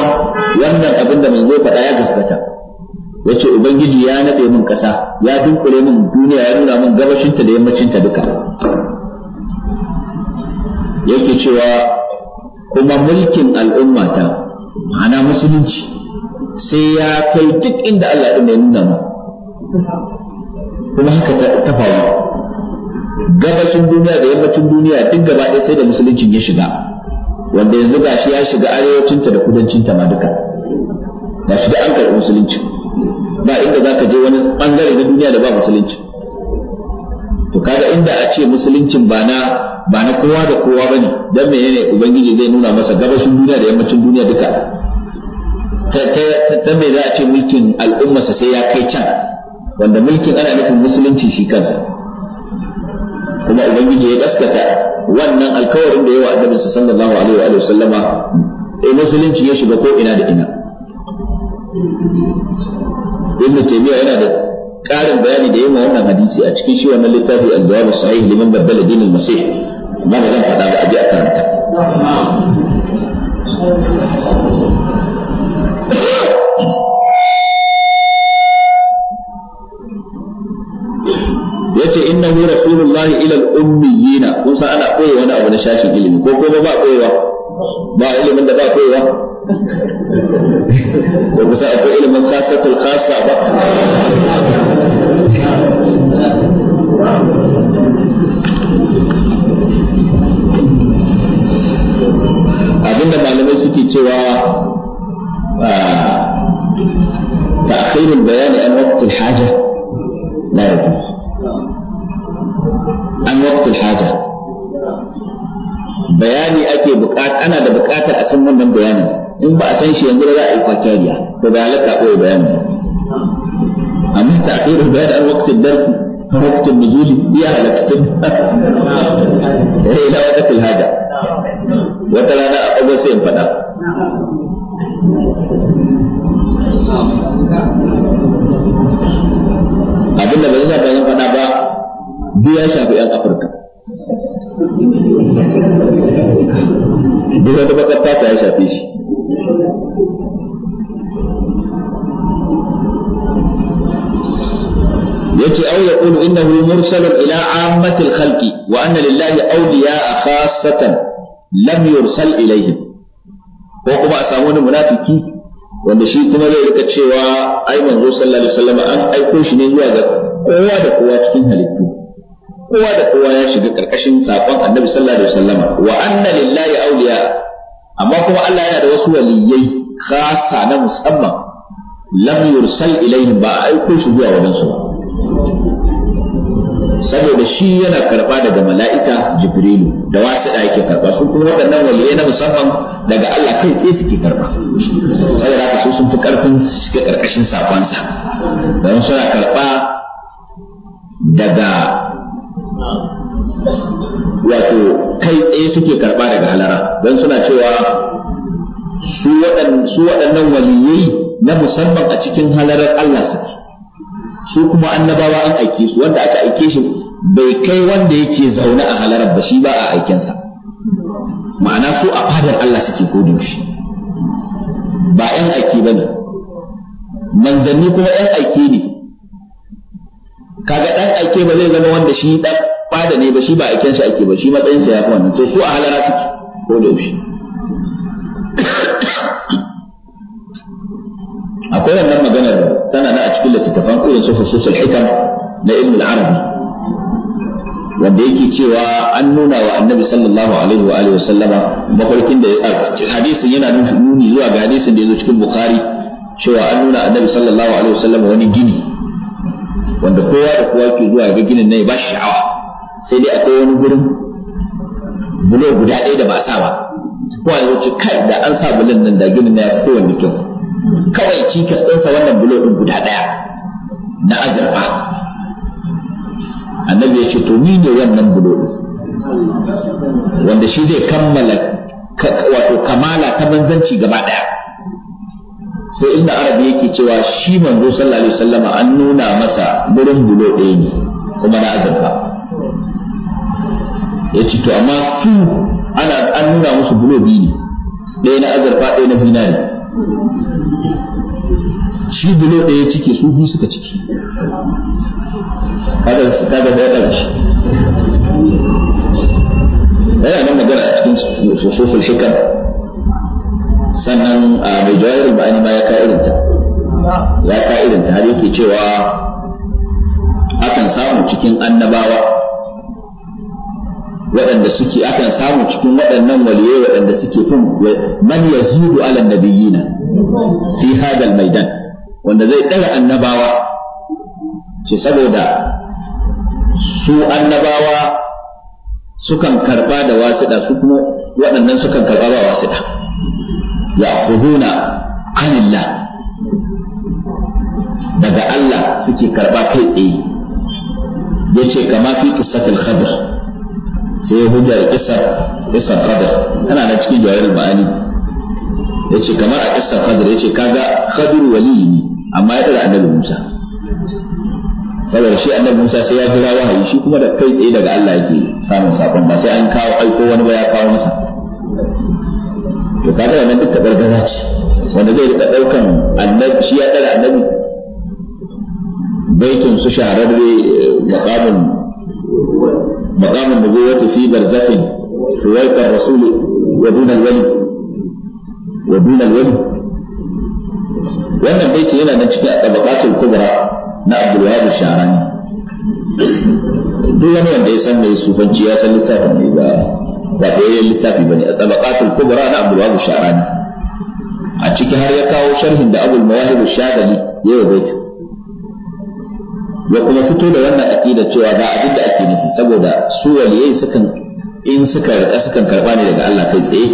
wannan abin da manzo faɗa ya gaskata yace ubangiji ya nade min kasa ya dunkule min duniya ya nuna min gabashinta da yammacinta duka yake cewa kuma mulkin al'ummata ma'ana musulunci sai ya kai duk inda Allah ɗin ya nuna mu kuma haka ta faru gabashin duniya da yammacin duniya duk gaba ɗaya sai da musuluncin ya shiga wanda yanzu gashi ya shiga arewacinta da kudancinta ma duka ga shi an karɓi musulunci ba inda za ka je wani ɓangare na duniya da ba musulunci to kaga inda a ce musuluncin ba na ba na kowa da kowa ba ne don menene ubangiji zai nuna masa gabashin duniya da yammacin duniya duka ta me za a ce mulkin al'ummarsa sai ya kai can wanda mulkin ana nufin musulunci shi kansa kuma ubangiji ya gaskata wannan alkawarin da yawa annabi sallallahu alaihi wa sallama eh musulunci ya shiga ko ina da ina ibnu taymiya yana da ƙarin bayani da yawa wannan hadisi a cikin shi wannan littafi al-jawab sahih liman babbala din al-masih amma ba zan faɗa ba a je a karanta رسول الله إلى الأميين كنسا أنا قوي وأنا أبنى شاشي إلي كو كو ببا قوي وا ما إلي من دبا قوي وا وكنسا أبو إلي من خاصة الخاصة با أبنى معلمة ستي تشوا تأخير البيان عن وقت الحاجة لا يجوز an waqtul haja bayani ake bukata ana da bukatar a san wannan bayanin in ba a san shi yanzu za a yi kwakariya to da halatta ko bayani amma akhiru bayan an waqtul darsi ya النزول يا eh, ila إلى وقت الهدى rana a أبو sai in fada abinda ba zai bayan fada ba duk ya shafi 'yan Afirka. Duk wata bakar ta ya shafi shi. yace aw yaqulu innahu mursalun ila ammati al-khalqi wa anna lillahi awliya'a khassatan lam yursal ilayhim ko kuma a samu wani munafiki wanda shi kuma zai rika cewa ai manzo sallallahu alaihi wasallam an aiko shi ne zuwa ga kowa da kowa cikin halittu kowa da kowa ya shiga karkashin sakon annabi sallallahu alaihi wasallama wa anna lillahi awliya amma kuma Allah yana da wasu waliyai khasa na musamman lam yursal ilaihim ba a aiko shi zuwa wajen su saboda shi yana karba daga mala'ika jibrilu da wasu da yake karba su kuma waɗannan waliyai na musamman daga Allah kai tsaye suke karba saboda haka su sun fi karfin shiga karkashin sakonsa don suna karba daga wato kai tsaye suke karɓa daga halara don suna cewa su waɗannan waliyai na musamman a cikin halarar Allah suke su kuma annabawa an aike su wanda aka aike shi bai kai wanda yake zaune a halarar ba shi ba a aikensa ma'ana su a fadar Allah suke ko yaushe ba 'yan aiki ba ne manzanni kuma 'yan aiki ne kaga dan aike ba zai zama wanda shi dan bada ne ba shi ba aiken shi ake ba shi matsayin sa ya yafi wannan to su a halara suke ko da yaushe akwai wannan maganar tana na a cikin littattafan irin su fususul hikam na ibn al-arabi wanda yake cewa an nuna wa annabi sallallahu alaihi wa alihi wasallama mafarkin da hadisin yana nuni zuwa ga hadisin da yazo cikin bukhari cewa an nuna annabi sallallahu alaihi wasallama wani gini wanda kowa da kowa ke zuwa ga ginin nan ya ba shi sha'awa sai dai akwai wani gurin bulo guda ɗaya da ba a sa ba kowa ya wuce kai da an sa bulon nan da ginin nan ya fi kowanne kyau kawai cikas ɗinsa wannan bulo ɗin guda ɗaya na azurfa annabi ya ce to ni ne wannan bulo wanda shi zai kammala wato kamala ta banzanci gaba ɗaya sai inda arabi yake cewa shi manzo sallallahu alaihi wasallam an nuna masa gurin bulo ɗaya ne kuma na azurfa ya ce to amma su ana an nuna musu bulo biyu ne ɗaya na azurfa ɗaya na zinari shi bulo ɗaya cike su biyu suka ciki kada su kada da ɗaya shi yana nan magana a cikin sosofin shekara sannan mai jawahirul ma'ani ma ya ka'irinta irinta ya ka'irinta irinta har yake cewa akan samu cikin annabawa waɗanda suke akan samu cikin waɗannan waliyai waɗanda suke fin man yazidu ala nabiyina fi hadal maidan wanda zai ɗaga annabawa ce saboda su annabawa sukan karɓa da wasiɗa su kuma waɗannan sukan karɓa ba wasiɗa ya'khuduna anillah daga Allah suke karɓa kai tsaye yace kama fi qissatil khadr sai hujja da qissar qissar khadr ana da cikin jawahirul ma'ani yace kamar a qissar khadr yace kaga khadr waliyi ne amma ya da annabi Musa saboda shi annabi Musa sai ya jira wahayi shi kuma da kai tsaye daga Allah yake samun sakon ba sai an kawo aiko wani ba ya kawo masa to kaga wannan duk tabargaza ce wanda zai rika daukan annabi shi ya dara annabi baitin su shahararre eh, maqamin maqamin nubuwati fi barzakhin ruwaita rasul wa dun al-wali wa dun wani? wannan baiti yana nan cikin tabaqatul kubra na Abdul Wahab Sharani duk wani wanda ya san mai sufanci ya san littafin ne ba ba da ɗaya littafi ba ne, a tabaqatul kubra na Abdul Wahab Sha'rani a ciki har ya kawo sharhin da Abdul Mawahib Shadali ya yi baiti ya kuma fito da wannan aqida cewa ba abin da ake nufi saboda su waliyai sukan in suka rika sukan karba ne daga Allah kai tsaye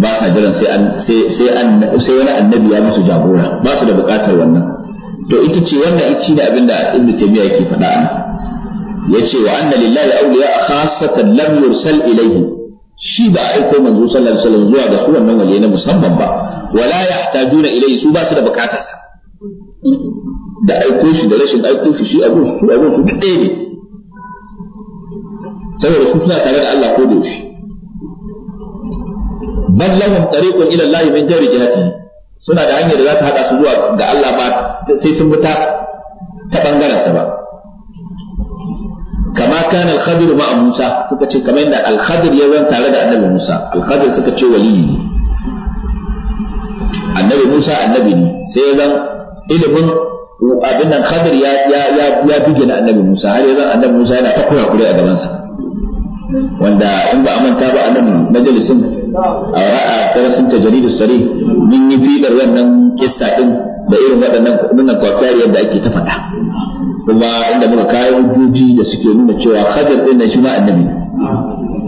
ba sa jiran sai an sai an sai wani annabi ya musu jagora ba su da buƙatar wannan to ita ce wannan ici ne abinda da Ibn Taymiyyah yake faɗa ana yace wa anna lillahi awliya khassatan lam yursal ilayhi shi ba aiko manzo sallallahu alaihi wasallam zuwa ga su wannan wali na musamman ba wala yahtajuna ilayhi su ba su da bukatar sa da aiko shi da rashin aiko shi shi abu su abu su dade ne saboda su suna tare da Allah ko da yaushe bal lahum tariqun ila Allah min jawri jihati suna da hanyar da za ta hada su zuwa ga Allah ba sai sun bi ta ta bangaren sa ba kama kana al-khadir ma Musa suka ce kamar yadda al-khadir ya zan tare da annabi Musa al suka ce wali ne annabi Musa annabi ne sai zan ilimin abin nan ya ya ya annabi Musa har zan annabi Musa yana ta koya kure a wanda in ba a manta ba a nan majalisin a ra'a darasin tajaridus sarih mun yi fidar wannan kissa din da irin waɗannan kuɗin yadda ake ta faɗa kuma inda muka kawo hujjoji da suke nuna cewa Khadir din nan shi ma annabi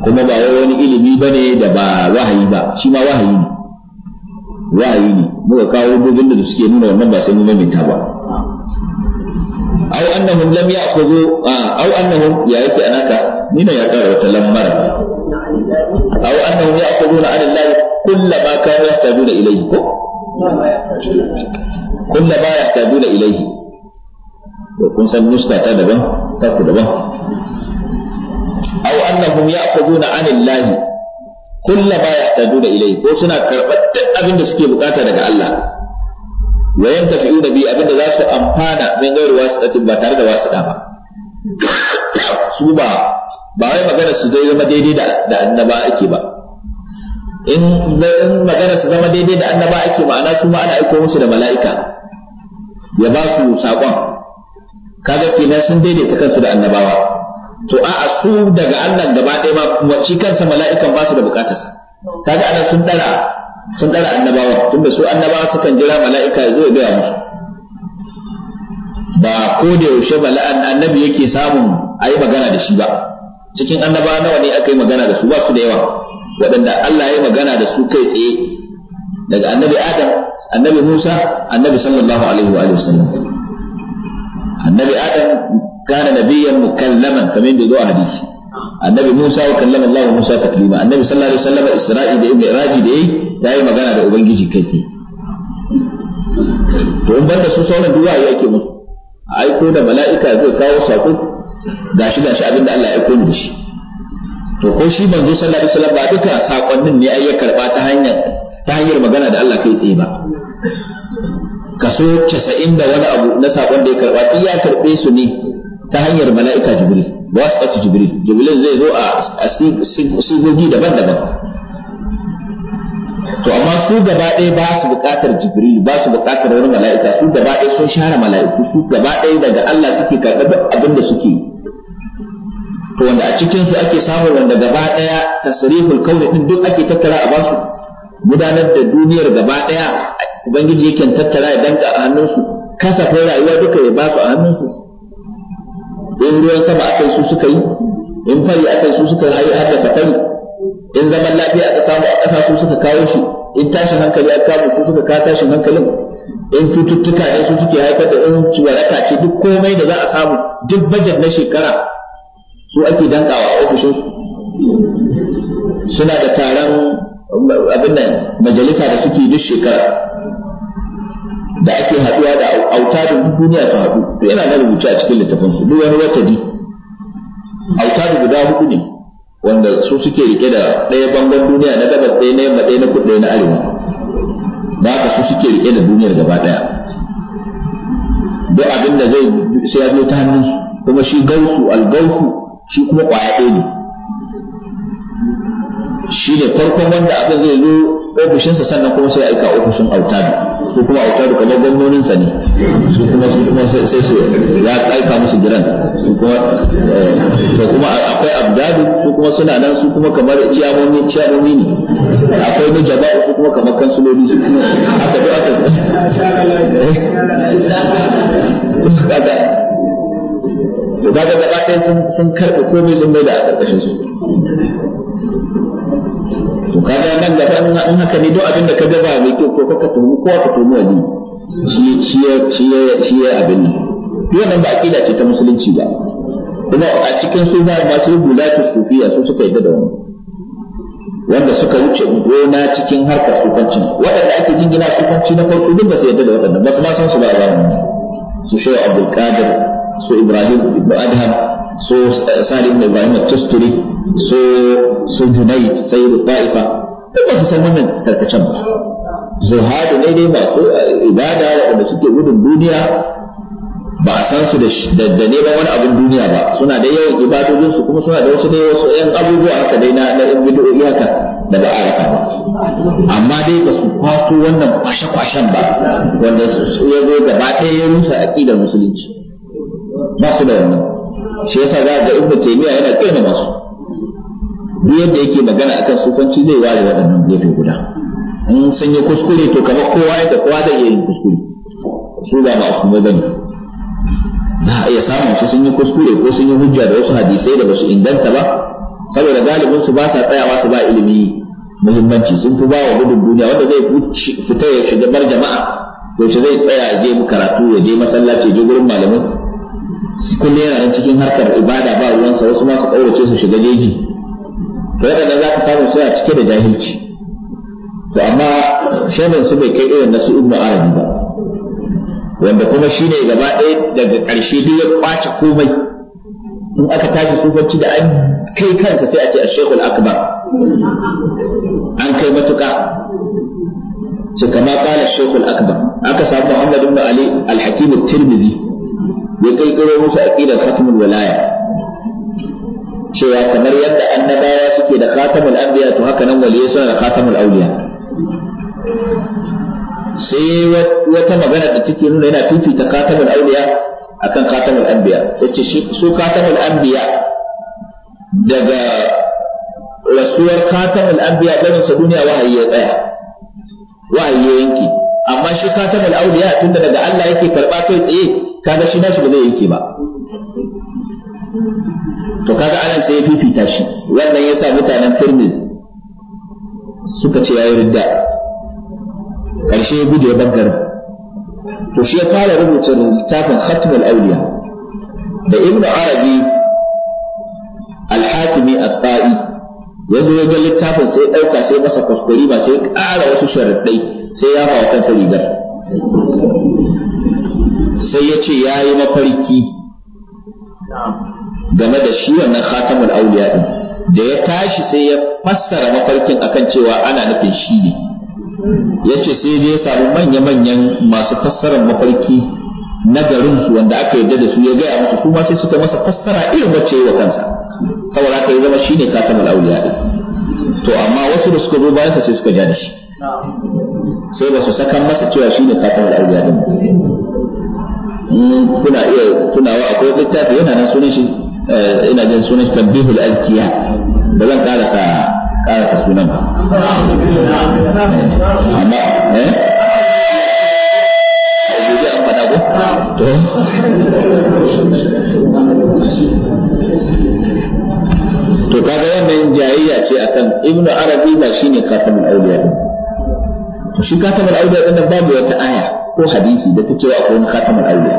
kuma ba wai wani ilimi bane da ba wahayi ba shi ma wahayi ne wahayi ne muka kawo hujjojin da suke nuna wannan ba sai mun maminta ba aw annahum lam ya'khudhu au annahum ya yake anaka ni ne ya kara wata lamara aw annahum ya'khuduna an Allah kullama kanu yahtajuna ilayhi ko kullama yahtajuna ilayhi da kun san nuska ta daban ta ku daban aw annahum ya'khuduna 'anillahi kullama yahtaduna ilayhi ko suna karɓar duk abin da suke bukata daga Allah wa yantafi'una bi abin da za su amfana min gairu wasiqatin ba tare da wasiqa ba su ba ba wai magana su dai zama daidai da annaba ake ba in magana su zama daidai da annaba ake ma'ana su ma ana aiko musu da mala'ika ya ba su saƙon kaga kenan sun daidaita kansu da annabawa to a su daga Allah gaba ɗaya ba shi kansa mala'ikan ba su da bukatarsa kaga ana sun dara sun dara annabawa tunda su annabawa sukan jira mala'ika ya zo ya gaya musu ba ko da yaushe bala'an annabi yake samun a yi magana da shi ba cikin annaba nawa ne aka yi magana da su ba su da yawa waɗanda Allah ya yi magana da su kai tsaye daga annabi Adam annabi Musa annabi sallallahu alaihi wa sallam annabi adam kana nabiyyan mukallaman kamar da zuwa hadisi annabi musa wa kallama allah musa taklima annabi sallallahu alaihi wasallam isra'i da ibn iraji da yayi yayi magana da ubangiji kai tsaye to in banda su sauran duwa yake musu aiko da mala'ika zai kawo sako gashi gashi abinda allah aiko ni da shi to ko shi manzo sallallahu alaihi wasallam ba duka sakonnin ne ai ya karba ta hanyar ta hanyar magana da Allah kai tsaye ba kaso casa'in da wani abu na saƙon da ya karɓa iya ya karɓe su ne ta hanyar mala'ika jibril ba su ɗaci jibril jibril zai zo a sigogi daban-daban to amma su gaba ɗaya ba su buƙatar jibril ba su buƙatar wani mala'ika su gaba ɗaya sun share mala'iku su gaba ɗaya daga Allah suke karɓar duk abin da suke to wanda a cikin su ake samun wanda gaba ɗaya tasriful kauni din duk ake tattara a basu gudanar da duniyar gaba ɗaya ubangiji yake tattara ya danka a hannunsu kasafin rayuwa duka ya ba su a hannunsu in ruwan sama akai su suka yi in fari akai su suka yi haddasa fari in zaman lafiya aka samu a ƙasa su suka kawo shi in tashin hankali aka kawo su suka kawo tashin hankalin in cututtuka ne su suke haifar da in waraka ce duk komai da za a samu duk bajet na shekara su ake dankawa a ofishinsu suna da taron abin nan majalisa da suke duk shekara da ake haɗuwa da auta da duniya ta haɗu to yana da rubuce a cikin littafin su duk wani watadi auta da guda hudu ne wanda su suke rike da ɗaya bangon duniya na gabas ɗaya na yamma ɗaya na kudu ɗaya na arewa da haka su suke rike da duniyar gaba ɗaya duk abin da zai sai ya zo ta hannun su. kuma shi gausu al-gausu shi kuma ƙwaya ɗaya ne shi ne farkon wanda aka zai zo ofishinsa sannan kuma sai aika ofishin autadu su kuma autadu kamar gwamnoninsa ne su kuma su kuma sai su ya aika musu jiran, su kuma eh, to kuma akwai abdadu su kuma suna nan su kuma kamar ciyamomi ciyamomi ne akwai jaba'u su kuma kamar kansuloli su kuma aka zo aka da ga gaba ɗaya sun karɓi komai sun bai da a ƙarƙashin su to kaga nan ga in haka ne duk abin da ka gaba mai kyau ko ka tuhumi ko ka tuhumi wani shi ya shi shi abin nan duk nan ba akida ce ta musulunci ba kuma a cikin su ba masu bulatu sufiya su suka yadda da wani wanda suka wuce gona cikin harkar sufanci waɗanda ake jingina sufanci na farko duk ba su yadda da waɗannan ba su ma san su ba a zamanin su shehu abdul qadir su ibrahim ibn adham su eh, sa'ad da ibrahim at-tusturi su su sai da ta'ifa duk ba su san wannan karkacen ba zuhadu ne dai ba ko eh, ibada da suke gudun duniya ba a san su da neman wani abin duniya ba suna da yawan ibadojin su kuma suna da wasu dai wasu yan abubuwa haka dai na na yan bid'o'i haka da ba a rasa ba amma dai ba su kwaso wannan kwashe-kwashen ba wanda su ya gaba ɗaya ya rusa aqidar musulunci ba su da wannan shi yasa za ga ibnu taymiya yana kaina masu duk yadda yake magana akan sufanci zai ware waɗannan gefe guda in sun yi kuskure to kamar kowa yadda kowa zai iya yin kuskure su ba masu magana za a iya samun su sun yi kuskure ko sun yi hujja da wasu hadisai da basu inganta ba saboda galibin su ba sa tsayawa su ba ilimi muhimmanci sun fi bawa gudun duniya wanda zai fita ya shiga bar jama'a to shi zai tsaya ya je karatu ya je masallaci ya je gurin malamin kullum yana nan cikin harkar ibada ba ruwansa wasu ma su ƙaurace su shiga jeji to waɗanda za ka samu suna cike da jahilci to amma shanin su bai kai irin na su ibnu arabi ba wanda kuma shi ne gaba ɗaya daga ƙarshe duk ya ƙwace komai in aka tashi sufanci da an kai kansa sai a ce ashekul akbar an kai matuƙa su kama kala shekul akbar aka samu Muhammadu ali al-hakim at-tirmidhi ya kirkiro musu aqidar khatmul walaya cewa kamar yadda annabawa suke da khatamul anbiya to haka nan waliyai suna da khatamul auliya sai wata magana da take nuna yana fifita khatamul auliya akan khatamul anbiya yace su khatamul anbiya daga rasuwar khatamul anbiya barin sa duniya wahayi ya tsaya wahayi ya yanki amma shi khatamul auliya tunda daga Allah yake karba kai tsaye kaga shi nashi ba zai yanke ba to kaga anan sai ya fifita shi wannan yasa mutanen Tirmidh suka ce yayi ridda karshe ya gudu ya bangar to shi ya fara rubuta littafin Khatmul Awliya da Ibn Arabi Al-Hatimi At-Ta'i yanzu ya ga littafin sai ya ɗauka sai masa kuskure ba sai ya ƙara wasu sharaɗai sai ya fawa kansa rigar sai ya ce ya yi mafarki game da shi wannan khatamul auliya din da ya tashi sai ya fassara mafarkin akan cewa ana nufin shi ne ya ce sai je ya samu manya-manyan masu fassarar mafarki na garinsu wanda aka yarda da su ya gaya musu kuma sai suka masa fassara irin wacce yi wa kansa saboda haka ya zama shi ne khatamul auliya ɗin to amma wasu da suka zo bayansa sai suka ja da shi sai ba su saka masa cewa shi ne khatamul auliya ɗin kuna iya tunawa akwai littafi yana nan sunan shi ina jin sunan shi tabbihul alkiya ba zan karasa karasa sunan ba amma eh to to kaga wannan jayayya ce akan ibnu arabi ba shine khatamul awliya to shi khatamul din babu wata aya ko hadisi da ta cewa akwai wani khatamin auliya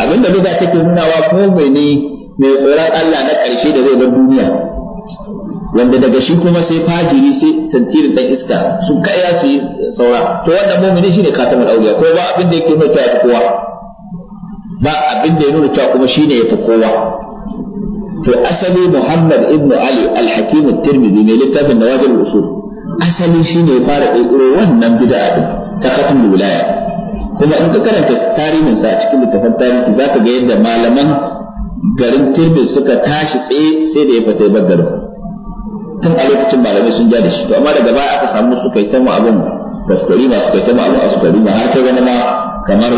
abinda bid'a take nunawa ko mene mai tsoron Allah na karshe da zai bar duniya wanda daga shi kuma sai fajiri sai tantirin dan iska su kaya su saura to wannan mu'mini shine khatamin auliya ko ba abinda yake nuna cewa kowa ba abin ya nuna cewa kuma shine yafi kowa to asali Muhammad ibnu Ali al-Hakim at-Tirmidhi mai littafin Nawajil Usul asali shine ya fara kirkiro wannan bid'a din ta khatmul wilaya kuma in ka karanta tarihin a cikin littafin tarihi za ka ga yadda malaman garin turbin suka tashi tsaye sai da ya fita ya bar tun a lokacin malamai sun ja da shi to amma daga baya aka samu su kai ta mu abin kwaskwari su kai ta mu abin askwari ma har ta zama ma kamar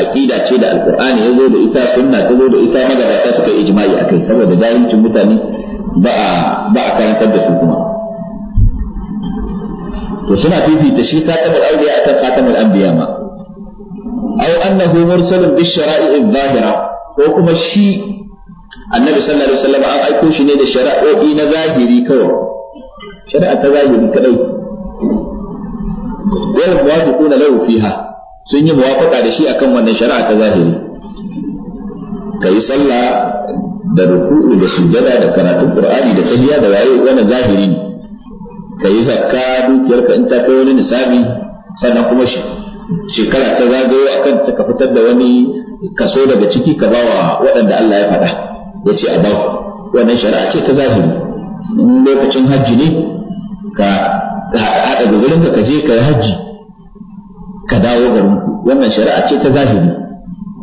aqida ce da alqur'ani ya zo da ita sunna ta zo da ita magabata suka yi ijma'i kai, saboda jahilcin mutane ba a ba a karantar da su kuma to suna fifita shi khatamul aure akan an anbiya ma Ai annahu mursalun bi shara'i zahira ko kuma shi annabi sallallahu alaihi an aiko shi ne da shari'o'i na zahiri kawai shari'a ta zahiri kadai wal muwafiquna lahu fiha sun yi muwafaqa da shi akan wannan shari'a ta zahiri kai sallah da ruku'u da sujada da karatun qur'ani da tahiyya da waye zahiri ne kai zakka dukiyarka in ta kai wani nisabi sannan kuma shi shekara ta zagayo akan ta ka fitar da wani kaso daga ciki ka bawa waɗanda Allah ya faɗa ya ce a ba wannan shari'a ce ta zahiri in lokacin hajji ne ka haɗa wurin ka je ka yi hajji ka dawo garin wannan shari'a ce ta zahiri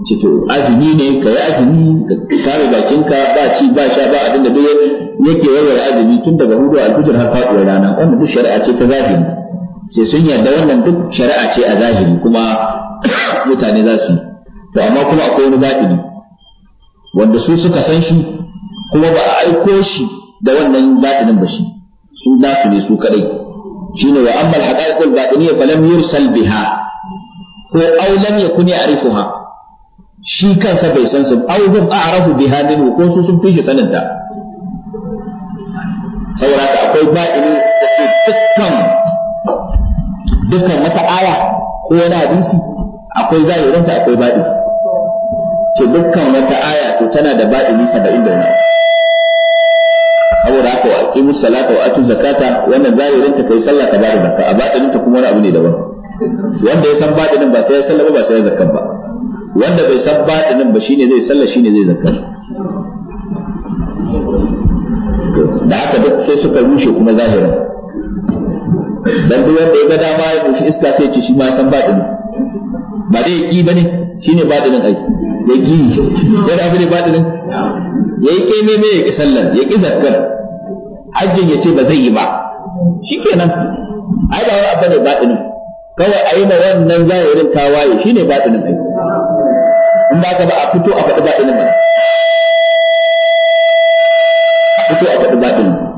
ce to azumi ne ka yi azumi ka kare bakinka ba ci ba sha ba abin da duk yake warware azumi tun daga hudu alfijir har faɗuwar rana wannan duk shari'a ce ta zahiri sai sun yarda wannan duk shari'a ce a zahiri kuma mutane za su to amma kuma akwai wani baɗini wanda su suka san shi kuma ba a aiko shi da wannan baɗinin ba shi su nasu ne su kadai ne wa amma al-haqaiqul batiniyya falam yursal biha ko aw lam yakun ya'rifuha shi kansa bai san su aw hum a'rafu biha minhu ko su sun fi shi sananta saboda akwai baɗini da ke dukkan dukkan wata aya ko wani hadisi akwai zahirinsa akwai baɗi ce dukkan wata aya to tana da baɗini saba'in da wani saboda haka wa aqimu salata wa atu zakata wannan zahirin ta kai sallah ka bada zakka a baɗin ta kuma wani abu ne daban wanda ya san baɗinin ba sai ya sallah ba sai ya zakka ba wanda bai san baɗinin ba shine zai sallah shine zai zakka da haka duk sai suka rushe kuma zahirin dan duk wanda ya ga dama ya koshi iska sai ce shi ma san ba dini ba dai ki bane shine ba dinin ai yaki ya da ne ba dinin yi kai me me ki sallar ki zakkar hajjin ce ba zai yi ba shikenan ai ba wani abu ne ba dinin kawai a yi ma wannan zahirin tawaye shine ba dinin ai in ba ka ba a fito a faɗi ba dinin ba a fito a faɗi ba dinin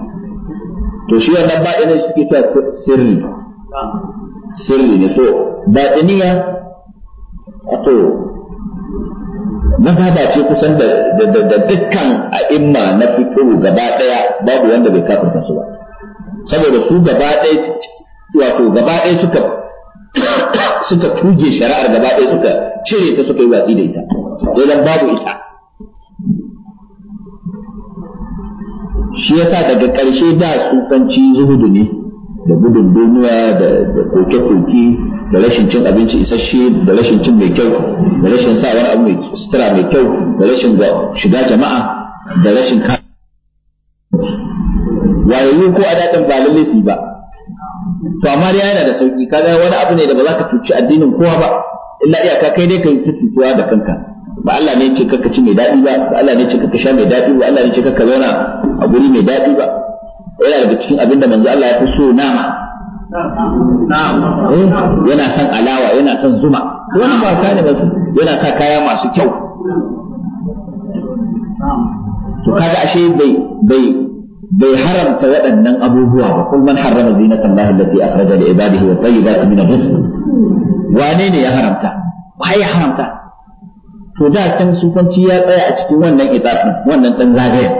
to shi wannan baɗinin shi ke sirri sirri ne to baɗiniya wato mazhaba ce kusan da dukkan a imma na fito gaba ɗaya babu wanda bai kafarta su ba saboda su gaba ɗaya wato gaba ɗaya suka suka tuge shari'ar gaba ɗaya suka cire ta suka yi watsi da ita idan babu ita shi yasa daga ƙarshe da tsufanci zuhudu ne da gudun duniya da koke-koke da rashin cin abinci isasshe da rashin cin mai kyau da rashin sa wani abu mai sutura mai kyau da rashin shiga jama'a da rashin ka wayayyu ko a daɗin ba lalle su ba to amma dai yana da sauki kaga wani abu ne da ba za ka cuci addinin kowa ba illa iyaka kai dai ka yi cutuwa da kanka ba Allah ne ce kaka ci mai daɗi ba ba Allah ne ce kaka sha mai daɗi ba Allah ne ce kaka zauna a guri mai daɗi ba yana daga cikin abin da manzo Allah ya fi so nama eh, yana son alawa yana son zuma wani ba ne masu yana sa kaya masu kyau to kaga ashe bai bai bai haramta waɗannan abubuwa ba kullum man harrama zinatan Allah allati akhraja li ibadihi wa tayyibati min ar-rizq wane ne ya haramta wai ya haramta to da can sufanci ya tsaya a cikin wannan idafin wannan dan zagaya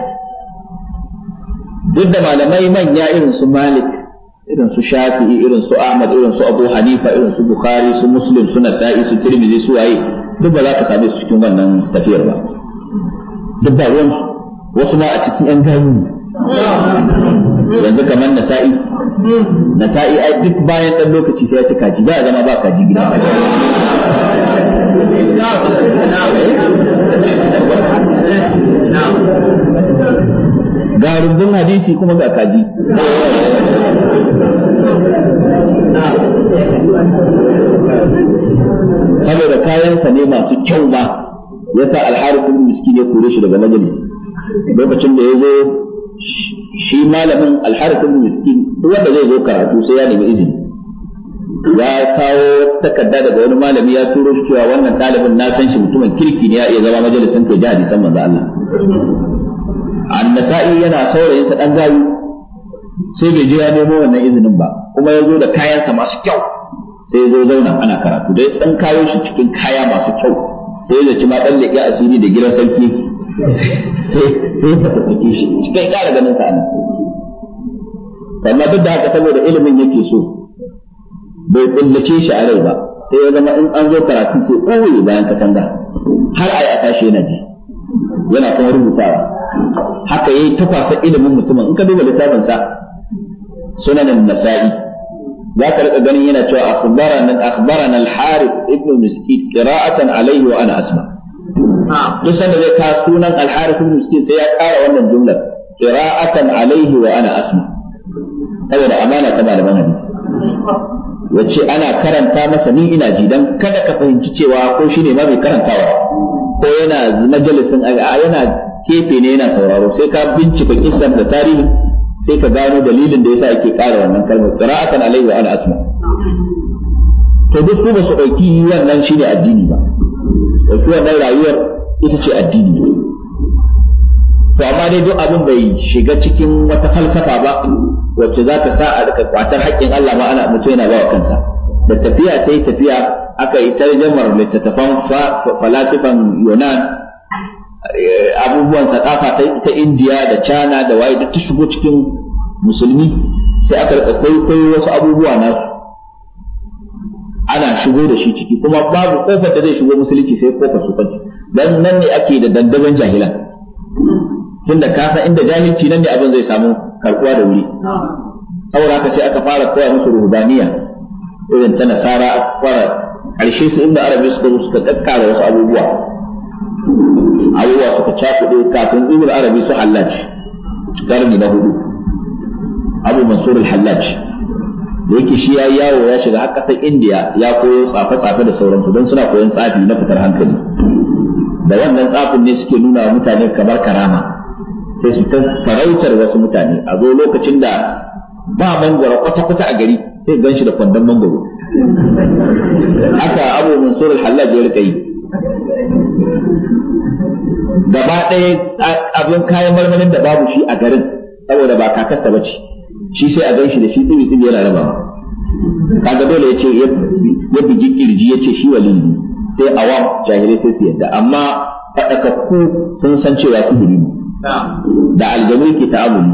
duk da malamai manya irin su malik irin su shafi'i irin su ahmad irin su abu hanifa irin su bukhari su muslim su nasa'i su tirmidhi su waye duk ba za ka same su cikin wannan tafiyar ba duk ba ruwan wasu ma a cikin yan gayu yanzu kamar nasa'i nasa'i ai duk bayan dan lokaci sai ya ci kaji ba zama ba kaji gida ga rubun hadisi kuma ga kaji saboda kayansa ne masu kyau ba ya sa alharifin miski ne kore shi daga majalisi lokacin da ya zo shi malamin alharifin miski wanda zai zo karatu sai ya nemi izini ya kawo takarda daga wani malami ya turo shi cewa wannan ɗalibin na san shi mutumin kirki ne ya iya zama majalisin ko jihar san manzo Allah annasa'i yana saurayin sa dan gayu sai bai je ya nemo wannan izinin ba kuma ya zo da kayansa masu kyau sai ya zo zauna ana karatu dai dan kayo shi cikin kaya masu kyau sai ya ci ma dan leƙi asiri da gidan sarki sai sai ya tafi shi cikin ƙara ganin sa amma duk da haka saboda ilimin yake so bai kullace shi a rai ba sai ya zama in an zo karatu sai ɓoye bayan katanga har a yi a tashi yana ji yana kuma rubutawa haka yayi tafasa ilimin mutumin in ka duba littafin sa sunan nasa'i za ka rika ganin yana cewa akhbarana akhbarana al-harith ibnu miskin qira'atan alayhi wa ana asma duk sanda zai ka sunan al-harith ibn miskin sai ya ƙara wannan jumlar qira'atan alayhi wa ana asma saboda amana ta malaman hadisi wace ana karanta masa ni ina ji dan kada ka fahimci cewa ko shine ma mai karantawa ko yana majalisin yana kefe ne yana sauraro sai ka bincika kissan da tarihi sai ka gano dalilin da yasa ake ƙara wannan kalmar qira'atan alayhi wa ana asma to duk su ba su ɗauki wannan shine addini ba ɗauki wannan rayuwar ita ce addini to amma dai duk abin bai shiga cikin wata falsafa ba wacce za ta sa a rika kwatar haƙƙin Allah ma ana mutu yana bawa kansa da tafiya ta yi tafiya aka yi tarjamar littattafan falasifan Yunan eh, abubuwan sakafa ta Indiya da China da waye duk ta shigo cikin musulmi sai aka rika kwaikwayo wasu abubuwa na ana shigo da shi ciki kuma babu ƙofar da zai shigo musulunci sai ƙofar su sufanci dan nan ne ake da dandaban jahilan tunda ka san inda jahilci nan ne abin zai samu karkuwa da wuri saboda haka sai aka fara koya musu ruhbaniya irin ta nasara aka fara ƙarshe su inda arabi suka zo suka kakkara wasu abubuwa abubuwa suka cakuɗe kafin ibn arabi su hallaj garni na hudu abu mansur al-hallaj da yake shi ya yawo ya shiga har ƙasar indiya ya koyo tsafe-tsafe da sauransu don suna koyon tsafi na fitar hankali da wannan tsafin ne suke nuna mutane kamar karama sai su ta farautar wasu mutane a zo lokacin da ba mangoro kwata-kwata a gari sai gan shi da kwandon mangoro aka abu mansur al-hallaj ya rikai yi gaba ɗaya abin kayan marmarin da babu shi a garin saboda ba kakasta ba ce shi sai a gan shi da shi tsibi tsibi yana rabawa kaga dole ya ce ya bugi kirji ya ce shi walili sai awam jahilai sai su yadda amma faɗakakku sun san cewa su ne da aljamin ke ta'amuli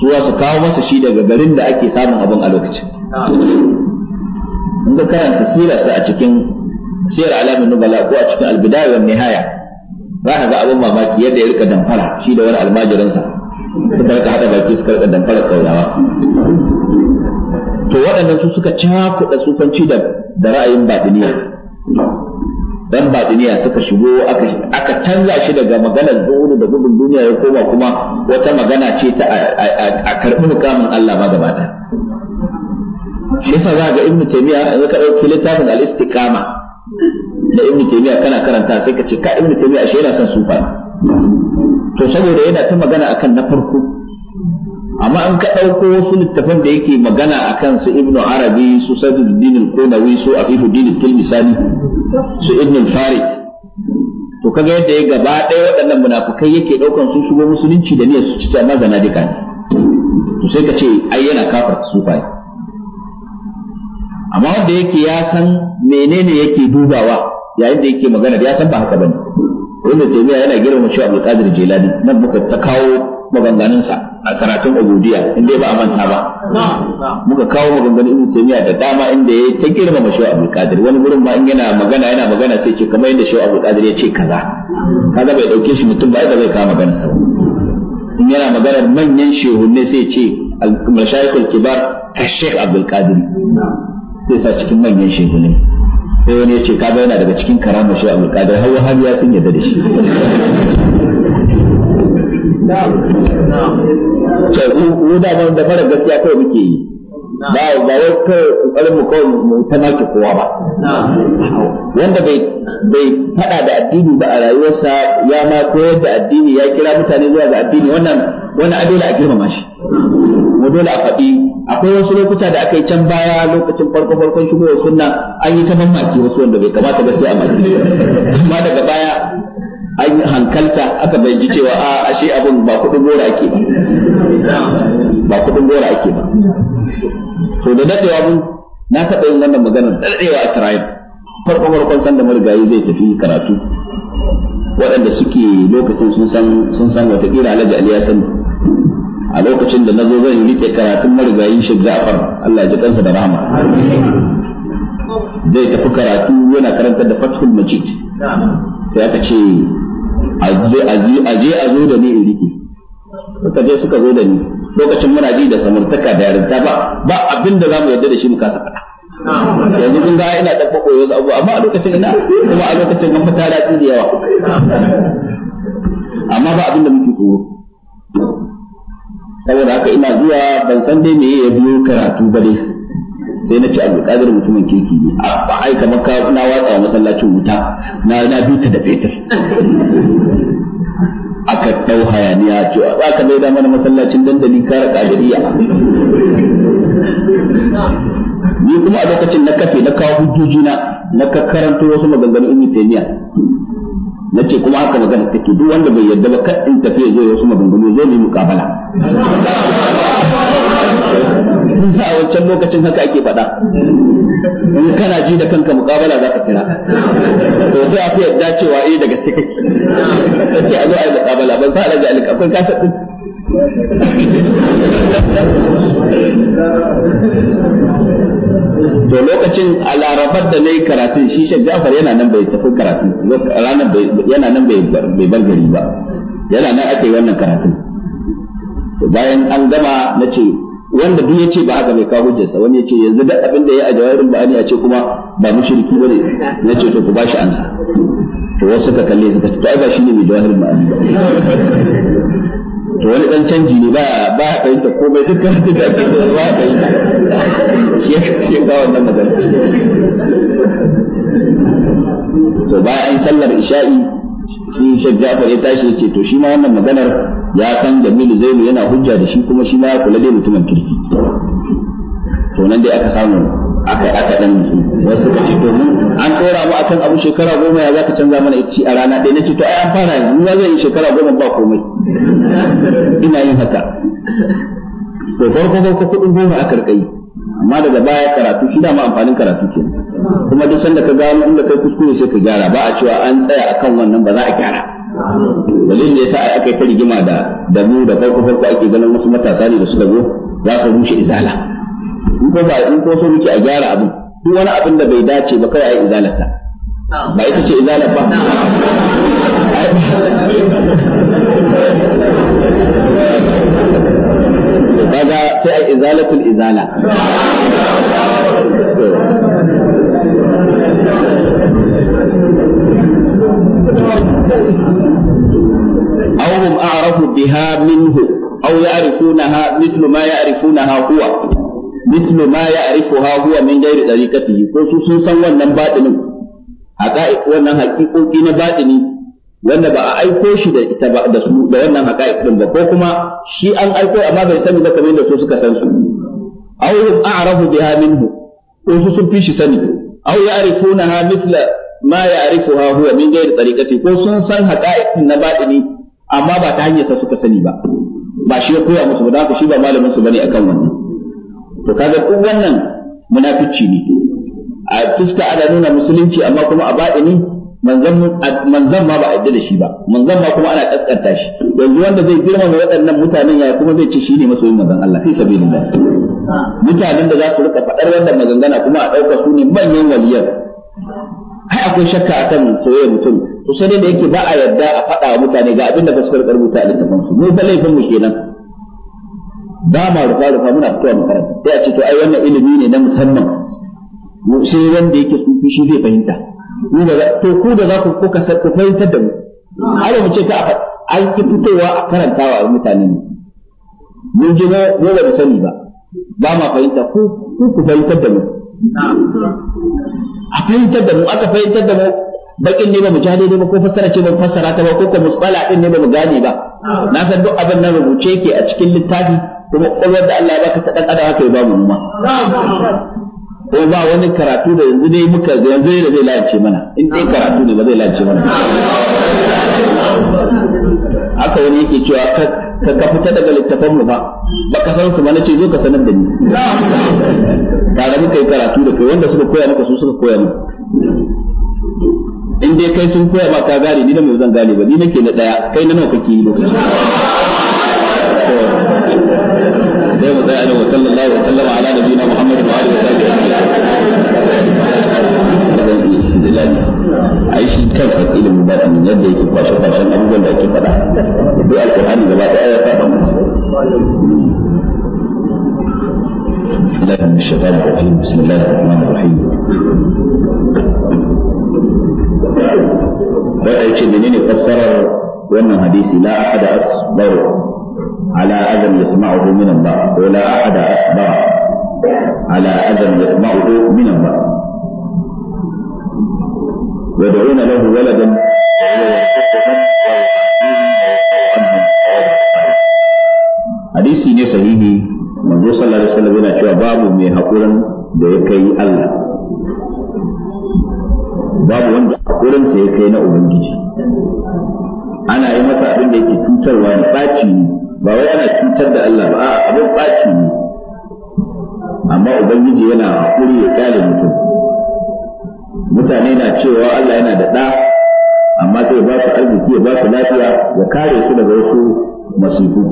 su su kawo masa shi daga garin da ake samun abin a lokacin in ka karanta sirarsa a cikin siyar alamin nubala ko a cikin albidaya mai haya, za a ga abin mamaki yadda ya rika damfara shi da wani almajiransa suka rika haɗa baki suka rika damfara kaunawa to waɗannan su suka cakuɗa sufanci da ra'ayin baɗiniya dan duniya suka shigo aka canza shi daga maganar zuwa da gudun duniya ya koma kuma wata magana ce ta a karɓi mukamin Allah ma gaba ɗaya shi yasa za ga ibnu taymiya in ka dauki littafin al-istiqama da ibnu taymiya kana karanta sai ka ce ka ibnu taymiya shi yana son sufa to saboda yana ta magana akan na farko amma an ka ɗauko wasu littafan da yake magana a kan su ibn arabi su saduddin al qunawi su afiduddin al-tilmisani su ibn al-farid to kaga yadda ya gaba ɗaya waɗannan munafukai yake ɗaukan sun shigo musulunci da niyyar su ci ta mazana dika to sai ka ce ai yana kafar su bai amma wanda yake ya san menene yake dubawa yayin da yake magana ya san ba haka bane wanda taymiya yana girma shi abul qadir jilani nan muka ta kawo maganganun sa a karatun abubuwa in dai ba a manta ba muka kawo maganganun ibn taymiya da dama inda ya ta girma shi Abdul Qadir wani gurin ma in yana magana yana magana sai ce kamar yadda shi Abdul ya ce kaza Kaza bai dauke shi mutum ba da bai kawo magana sa in yana magana manyan shehunne sai ce al-mashayikhul kibar ka Sheikh Abdul Qadir sai sa cikin manyan shehunne sai wani ya ce kaga yana daga cikin karamar shi Abdul Qadir har wahabi ya sun yadda da shi to mu da ban da fara gaskiya kawai muke yi ba ba wai kawai kokarin mu kawai mu ta maki kowa ba wanda bai bai fada da addini ba a rayuwarsa ya ma koyar da addini ya kira mutane zuwa ga addini wannan wannan adola a girmama shi mu dole a faɗi akwai wasu lokuta da aka yi can baya lokacin farko farkon shigowar sunna an yi ta mamaki wasu wanda bai kamata ba sai a maki amma daga baya an hankalta aka bai cewa a ah, ashe abin ba kudin gora ake ba ba kudin gora ake ba to da dadewa mun na taɓa yin wannan maganar dadewa a tribe farko farkon san da marigayi zai tafi karatu waɗanda suke lokacin sun san sun san wata kira alhaji ali ya sani a lokacin da na zo zan riƙe karatun marigayin shi Ja'far Allah ya ji kansa da rahama zai tafi karatu yana karantar da fathul majid sai aka ce a je a zo da ni in rike suka je suka zo da ni lokacin muna ji da samartaka da yarinta ba ba abin da zamu yarda da shi mu kasa faɗa yanzu kun ga ina da kokoyi wasu abubuwa amma a lokacin ina kuma a lokacin an fita daɗi da yawa amma ba abin da muke tsoro saboda haka ina zuwa ban san dai me ya biyo karatu ba dai sai na ce abdulkadir mutumin kirki ne a ai kamar ka na watsa masallacin wuta na na bita da fetur aka dau hayaniya cewa Ba ka da mana masallacin dandali kare kadiriya ni kuma a lokacin na kafe na kawo hujjojina na karanto wasu maganganun ibnu taymiya na ce kuma haka magana take duk wanda bai yarda ba kar in tafi wasu maganganu zai nemi mukabala kun sa a wancan lokacin haka ake faɗa in kana ji da kanka mukabala za ka kira to sai aka yadda cewa eh daga sai kake ce a zo a yi mukabala ban sa daga alƙa akwai kasa din to lokacin a larabar da na yi karatun shi shan jafar yana nan bai tafi karatun ranar yana nan bai bar gari ba yana nan ake yi wannan karatun bayan an gama na ce wanda duk yace ba haka mai kawo hujjarsa wani yace yanzu duk abin da ya a jawabin ani a ce kuma ba mushriki bane yace to ku bashi ansa to wasu suka kalle suka ce to ai ba shine mai ba ani to wani dan canji ne ba ba ya fahimta komai duk kan da ba da ba ya yi shi ya ga wannan magana to an sallar isha'i shi shek Jafar ya tashi ya ce to shi ma wannan maganar ya san Jamilu Zainu yana hujja da shi kuma shi ma ya kula da mutumin kirki to nan dai aka samu aka aka dan wasu ka ce domin an tsora mu akan abu shekara goma ya zaka canza mana ici a rana dai nace to ai an fara yanzu na zai yi shekara goma ba komai ina yin haka to farko farko kuɗin goma aka rikai amma daga baya karatu shi da ma amfanin karatu ke kuma duk sanda ka gano inda kai kuskure sai ka gyara ba a cewa an tsaya akan wannan ba za a gyara dalilin da yasa a aka yi ta rigima da da mu da farko farko ake ganin wasu matasa ne da su dago za su rushe izala in ko ba in ko so muke a gyara abu duk wani abin da bai dace ba kai ai izalarsa ba ita ce izalar ba kaga sai ai izalatul izala aw hum a'rafu biha minhu aw ya'rifunaha mithlu ma ya'rifunaha huwa mithlu ma ya'rifuha huwa min ghairi dariqatihi ko su sun san wannan badinin haka wannan haƙiƙoƙi na badinin wanda ba a aiko shi da ita ba da su da wannan haqa'iq din ba ko kuma shi an aiko amma bai sani ba kamar da su suka san su aw a'rafu biha minhu ko su sun fi shi sani aw ya'rifunaha mithla ma ya'rifuha huwa min ghairi tariqati ko sun san haqa'iq din na batini amma ba ta hanyar sa suka sani ba ba shi ya koya musu ba da shi ba malamin su bane akan wannan to kaga duk wannan munafici ne a fuska ana nuna musulunci amma kuma a batini manzan ma ba a yadda da shi ba manzan ma kuma ana kaskanta shi yanzu wanda zai girma girmama waɗannan mutanen ya kuma zai ce shi ne masoyin manzan Allah fi sabilillah mutanen da za su rika faɗar wannan magangana kuma a ɗauka su ne manyan waliyar. ai akwai shakka akan soyayya mutum to sai da yake ba a yarda a faɗa wa mutane ga abin da ba su karɓar rubuta a littafin su mu fa laifin mu kenan ba ma rufa rufa muna fitowa makaranta sai a ce to ai wannan ilimi ne na musamman sai wanda yake sufi shi zai fahimta ni da to ku da za ku kuka ku fahimtar da mu ai mu ce ka an ki fitowa a karantawa a mutane ne mun ji mu ba mu sani ba ba ma fahimta ku ku ku fahimtar da mu a fahimtar da mu aka fahimtar da mu bakin ne ba mu ja daidai ba ko fassara ce ba fassara ta ba ko ko musbala din ne ba mu gane ba na san duk abin nan rubuce ke a cikin littafi kuma kwalwar da Allah ya baka ta dan adam haka ba mu ma ko ba wani karatu da yanzu dai muka yanzu da zai lalace mana in dai karatu ne ba zai lalace mana haka wani yake cewa ka ka fita daga littafin mu ba ba ka san su ba ce zo ka sanar da ni tare muka yi karatu da kai wanda suka koya muka su suka koya maka in dai kai sun koya ba ka gane ni da mai zan gane ba ni nake na daya kai na nawa kake yi lokaci sai mu tsaya da wa sallallahu alaihi wa ala nabiyina muhammadin wa alihi wa sahbihi kwashe kwashen abubuwan da ake faɗa duk alƙur'ani gaba ɗaya ya faɗa الله من الشيطان الرجيم بسم الله الرحمن الرحيم Wata yake menene fassarar wannan hadisi la ahada asbaru ala adam yasma'uhu min Allah ko la ahada asbara ala adam yasma'uhu min Allah yad'una lahu waladan hadisi ne sahihi manzo sallallahu alaihi wasallam yana cewa babu mai hakurin da ya kai Allah babu wanda hakurin sa ya kai na ubangiji ana yi masa abin da yake cutarwa ne baci ne ba wai ana cutar da Allah ba a abin baci ne amma ubangiji yana hakuri ya kyale mutum mutane na cewa Allah yana da ɗa amma sai ba su arziki ya ba su lafiya ya kare su daga wasu masifu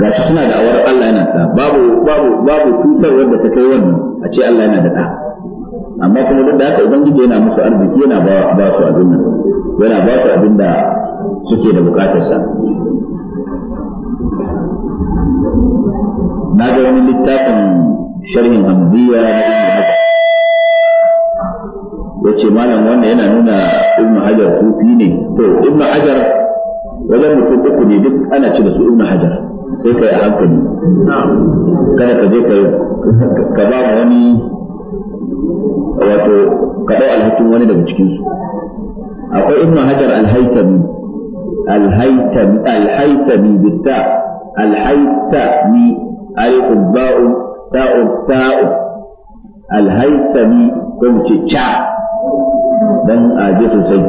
ga su suna da awar Allah yana ta. babu babu babu tutar wanda ta kai wannan a ce Allah yana da ta. amma kuma duk da haka ubangiji yana musu arziki yana ba ba su abin nan yana ba su abin da suke da bukatar sa na ga wani littafin sharhin hamziya na ya ce malam wannan yana nuna ibn hajar sufi ne to ibn hajar wajen mutum uku ne duk ana ce da su ibn hajar sai ka yi hankali kada ka je ka ka ba wani wato ka dau alhakin wani daga su akwai ibn hajar alhaitami alhaitami alhaitami bitta alhaitami alifun ba'un ta'un alhaitami ko mu ce cha dan aje sosai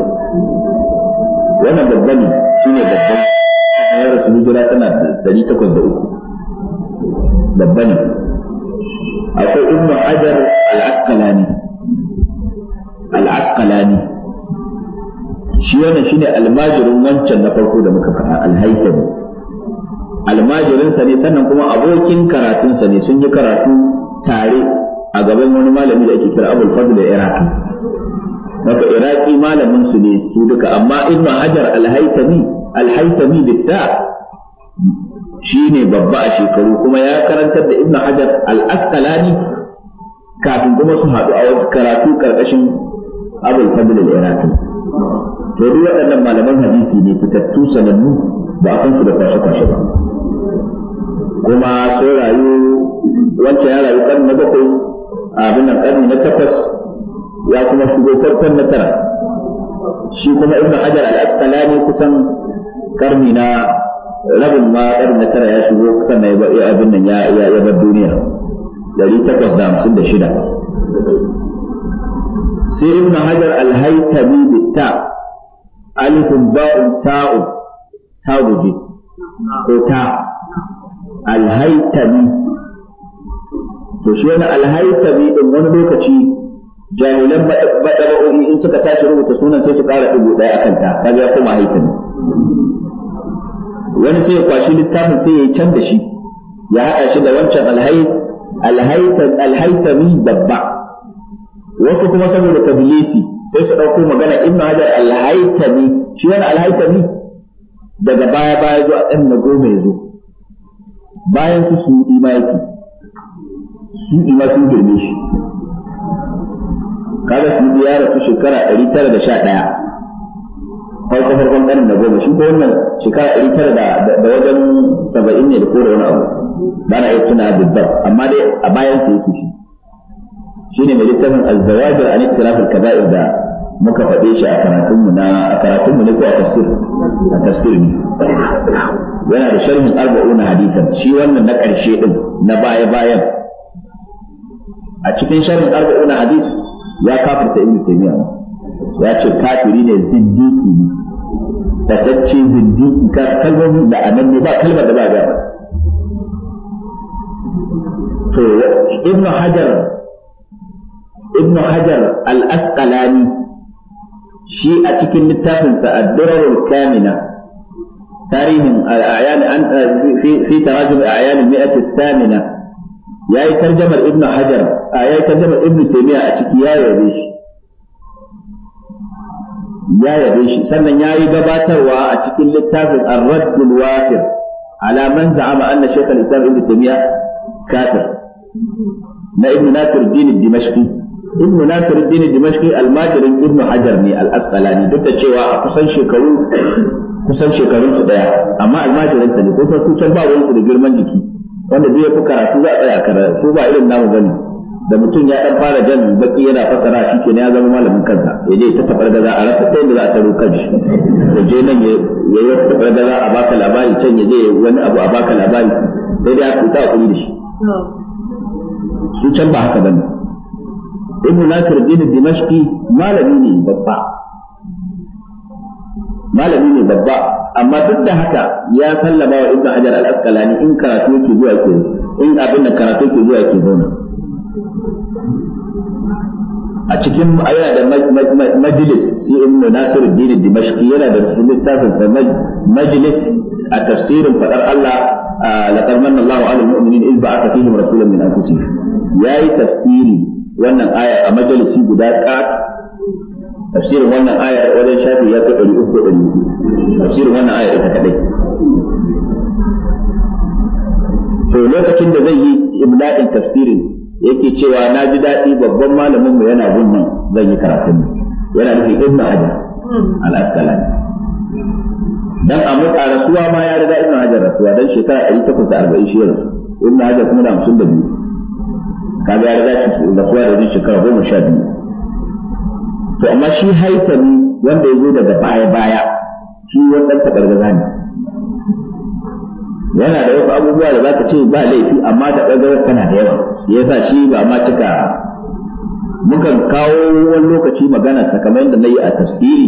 wannan babban shine babban ya rasu hijira tana dari takwas da uku babban akwai ibnu hajar al-asqalani al-asqalani shi wannan shine almajirin wancan na farko da muka faɗa al-haytham almajirinsa ne sannan kuma abokin karatunsa ne sun yi karatu tare a gaban wani malami da ake kira abul fadl da iraki daga iraki malamin su ne su duka amma ibn hajar al-haytami bitta shine babba a shekaru kuma ya karantar da ibn hajar al-asqalani kafin kuma su haɗu a wata karatu karkashin abul fadl al-iraki to duk waɗannan malaman hadisi ne fitattu sanannu ba a san su da kwashe kwashe ba kuma sun rayu wancan ya rayu karni na bakwai abin nan karni na takwas ya kuma shigo farkon na tara shi kuma ibnu hajar al-asqalani kusan karni na rabin ma karni na tara ya shigo kusan na ya abin nan ya ya bar duniya dari takwas da hamsin da shida sai ibnu hajar al-haytami bitta alifun ba'un ta'u ta guji ko ta al-haytami to shi wani al-haytami din wani lokaci jami'an maɗaba'o'i in suka tashi rubuta sunan sai su ƙara ɗigo ɗaya akan ta kaga ya koma haifin wani sai ya kwashi littafin sai ya can da shi ya haɗa shi da wancan alhaitami babba wasu kuma saboda tabilisi sai su ɗauko magana ibnu hajar alhaitami shi wani alhaitami daga baya baya zuwa ɗan na goma ya zo bayan su su yi imaki su ima sun girme shi kaga su ya rasu shekara ɗari tara da 911 farko farkon ƙarin da goma shi ko wannan shekara ɗari tara da wajen saba'in ne da kore wani abu ba na iya tuna dubbar amma dai a bayan su yake shi shi ne mai littafin al-zawajir an ittiraf al-kaba'ir da muka faɗe shi a karatunmu na a karatunmu ne ko a tafsir a tafsir ne yana da sharhin arba'u na hadisan shi wannan na ƙarshe din na baya bayan a cikin sharhin arba'u na hadis ya kafa ta ibnu taymiya ya ce kafiri ne zindiki ne tacce zindiki ka kalmomi da anan ne ba kalmar da ba ga ba to ibnu hajar ibnu hajar al-asqalani shi a cikin littafin sa ad durar al kamina tarihin al-a'yan an fi tarajum al-a'yan al أعيان al-thamina yayi tarjamar ibnu hajar a yayi tarjamar ibnu taymiya a ciki ya yabe shi ya yabe shi sannan yayi gabatarwa a cikin littafin ar-raddul wafir ala man za'ama anna shaykh al-islam ibnu taymiya kafir na ibnu nasir din dimashqi ibn Nasir din Dimashqi almajirin ibn Hajar ne al-Asqalani duk da cewa a kusan shekaru kusan shekarun su daya amma almajirin sa ne ko sai su can ba wani da girman jiki wanda zai fi karatu za a tsaya karatu ko ba irin namu ne. da mutum ya dan fara jan baki yana fasara shi ke ya zama malamin kansa ya je ta tabar gaza a rasa sai da za ta kan shi ya je nan ya yi wata tabar gaza a baka labari can ya je wani abu a baka labari sai ya aka a kuri da shi su can ba haka ne. ibnu nasir din dimashqi malami ne babba malami ne babba amma duk da haka ya sallama wa ibnu hajar al-asqalani in karatu yake zuwa ke in abin da karatu yake zuwa ke zauna a cikin yana da majlis ibn nasir din dimashqi yana da littafin sa majlis a tafsirin fadar Allah laqad manna Allahu 'ala al-mu'minina idh ba'atha fihim rasulan min anfusihim yayi tafsiri wannan aya a majalisi guda tafsirin wannan ayar wajen shafi ya kai ɗari uku ɗari tafsirin wannan ayar ita kaɗai to lokacin da zan yi ibda'in tafsirin yake cewa na ji daɗi babban malamin mu yana gun nan zan yi karatun yana nufin ibnu hajar al dan a mutu rasuwa ma ya riga ibnu hajar rasuwa dan shekara arba'in shi yanzu rasu ibnu hajar kuma da hamsin da biyu. kaga ya riga shi rasuwa da shekara sha biyu. to amma shi haikali wanda ya zo daga baya baya shi wannan tabargaza ne yana da wasu abubuwa da ka ce ba laifi amma ta ɓangaren tana da yawa Ya sa shi ba ma cika mukan kawo wani lokaci magana sakamakon da na yi a tafsiri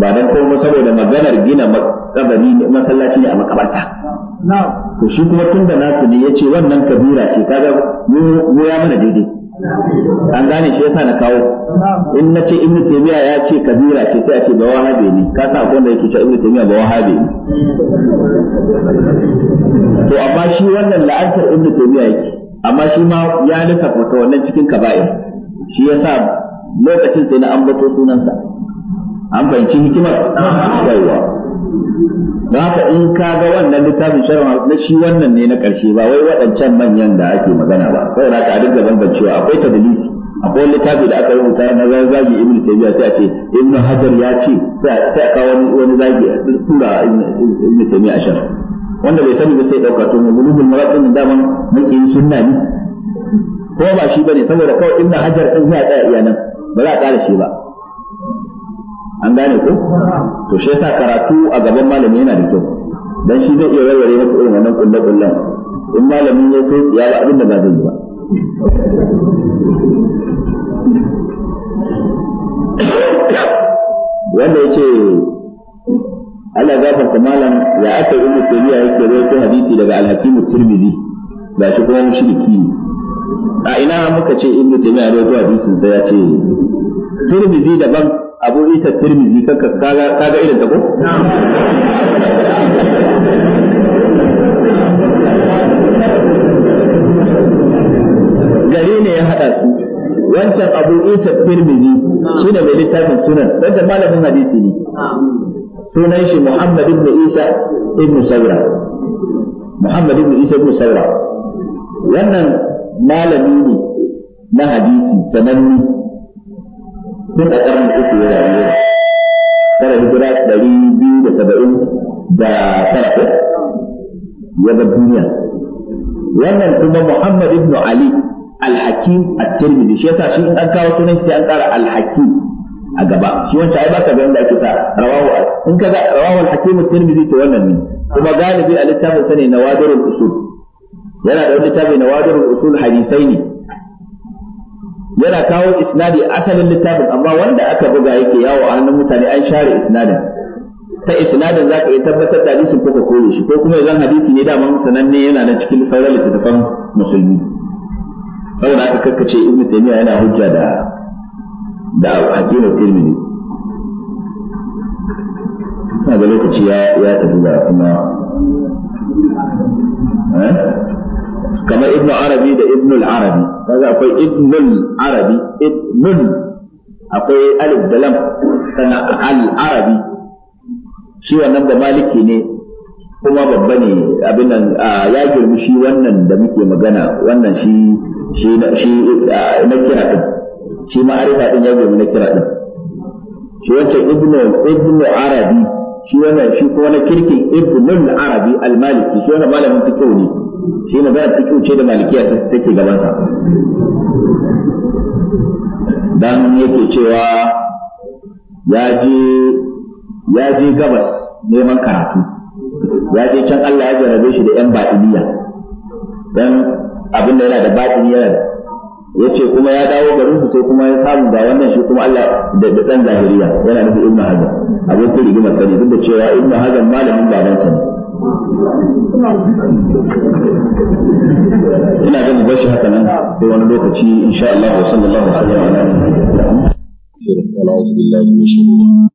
ba don kuma saboda maganar gina makabari ne masallaci ne a makabarta to shi kuma tun da nasu ne ya ce wannan kabira ce kaga mu ya mana daidai an gane shi yasa na kawo in na ce ibnu taymiya ya ce kabira ce sai a ce ba wahabe ne ka sa akwai da yake cewa ibnu taymiya ba wahabe ne to amma shi wannan la'antar ibnu taymiya yake amma shi ma ya lissafa ta wannan cikin kaba'ir shi yasa lokacin sai na ambato sunansa an fahimci hikimar yawa haka in ka ga wannan littafin sharh na shi wannan ne na ƙarshe ba wai waɗancan manyan da ake magana ba saboda haka a dinga bambancewa akwai tadlisi akwai littafi da aka rubuta na zagi ibn taymiya sai a ce ibn hajar ya ce sai aka kawo wani zagi a tura ibn taymiya a sharh wanda bai sani ba sai dauka to mu gulubul muradin da man muke yin sunna ne ko ba shi bane saboda kawai ibn hajar din ya tsaya iyanan ba za a tsara shi ba an gane ko to shi yasa karatu a gaban malami yana da kyau dan shi zai iya warware maka irin wannan kulle kulle in malamin ya kai ya ba abin da ba zai yi ba wanda yace Allah ya gafarta malam ya aka yi mu tabiya yake rawaito hadisi daga al-Hakim at-Tirmidhi ga shi kuma mushriki a ina muka ce ibnu ya rawaito hadisin sai ya ce Tirmidhi daban abu isa tirmizi kanka kaga irin ta ko gari ne ya hada su wancan abu isa tirmizi shi ne mai littafin sunan wancan malamin hadisi ne sunan shi muhammad ibn isa ibn sabra muhammad ibn isa ibn sabra wannan malami ne na hadisi sanannu tun a ƙarni uku ya rayu tara hijira ɗari biyu da saba'in da tara ya bar duniya wannan kuma Muhammad ibn Ali al-Hakim at-Tirmidhi shi yasa shi an kawo sunan shi an ƙara al-Hakim a gaba shi wanda ai baka ga wanda ake sa rawahu in kaga rawahu al-Hakim at-Tirmidhi to wannan ne kuma galibi a littafin sa ne Nawadirul Usul yana da wani littafi Nawadirul Usul hadisai ne yana kawo isnadi asalin littafin amma wanda aka buga yake yawo a hannun mutane an share isnadin ta isnadin za ka yi tabbatar da hadisin ko ka kore shi ko kuma yanzu hadisi ne daman sananne yana nan cikin sauran littattafan musulmi saboda aka karkace ibnu taymiya yana hujja da da hadisin tirmidhi ta da lokaci ya ya tafi da kuma kamar ibnu arabi da ibnu arabi kaga akwai ibnu arabi ibnu akwai alif da lam sana al arabi shi wannan da maliki ne kuma babba ne abin nan ya girmi shi wannan da muke magana wannan shi shi na kira din shi ma'arifa din ya girmi na kira din shi wancan ibnu arabi shi wannan shi kuma na kirkin ibnu arabi al maliki shi wannan malamin ne shi ne ba ta kuce da malikiya ta take gaban sa. dan yake cewa ya je ya je gabas neman karatu ya je can Allah ya jarabe shi da yan batiniya dan abin da yana da batini yana da yace kuma ya dawo garin su sai kuma ya samu ga wannan shi kuma Allah da da dan zahiriya yana nufin ibnu hazm abokin rigimar sani duk da cewa ibnu hajar malamin babansa ne ina ganin mu bashi haka nan sai wani lokaci insha Allah wa sallallahu alaihi wa sallam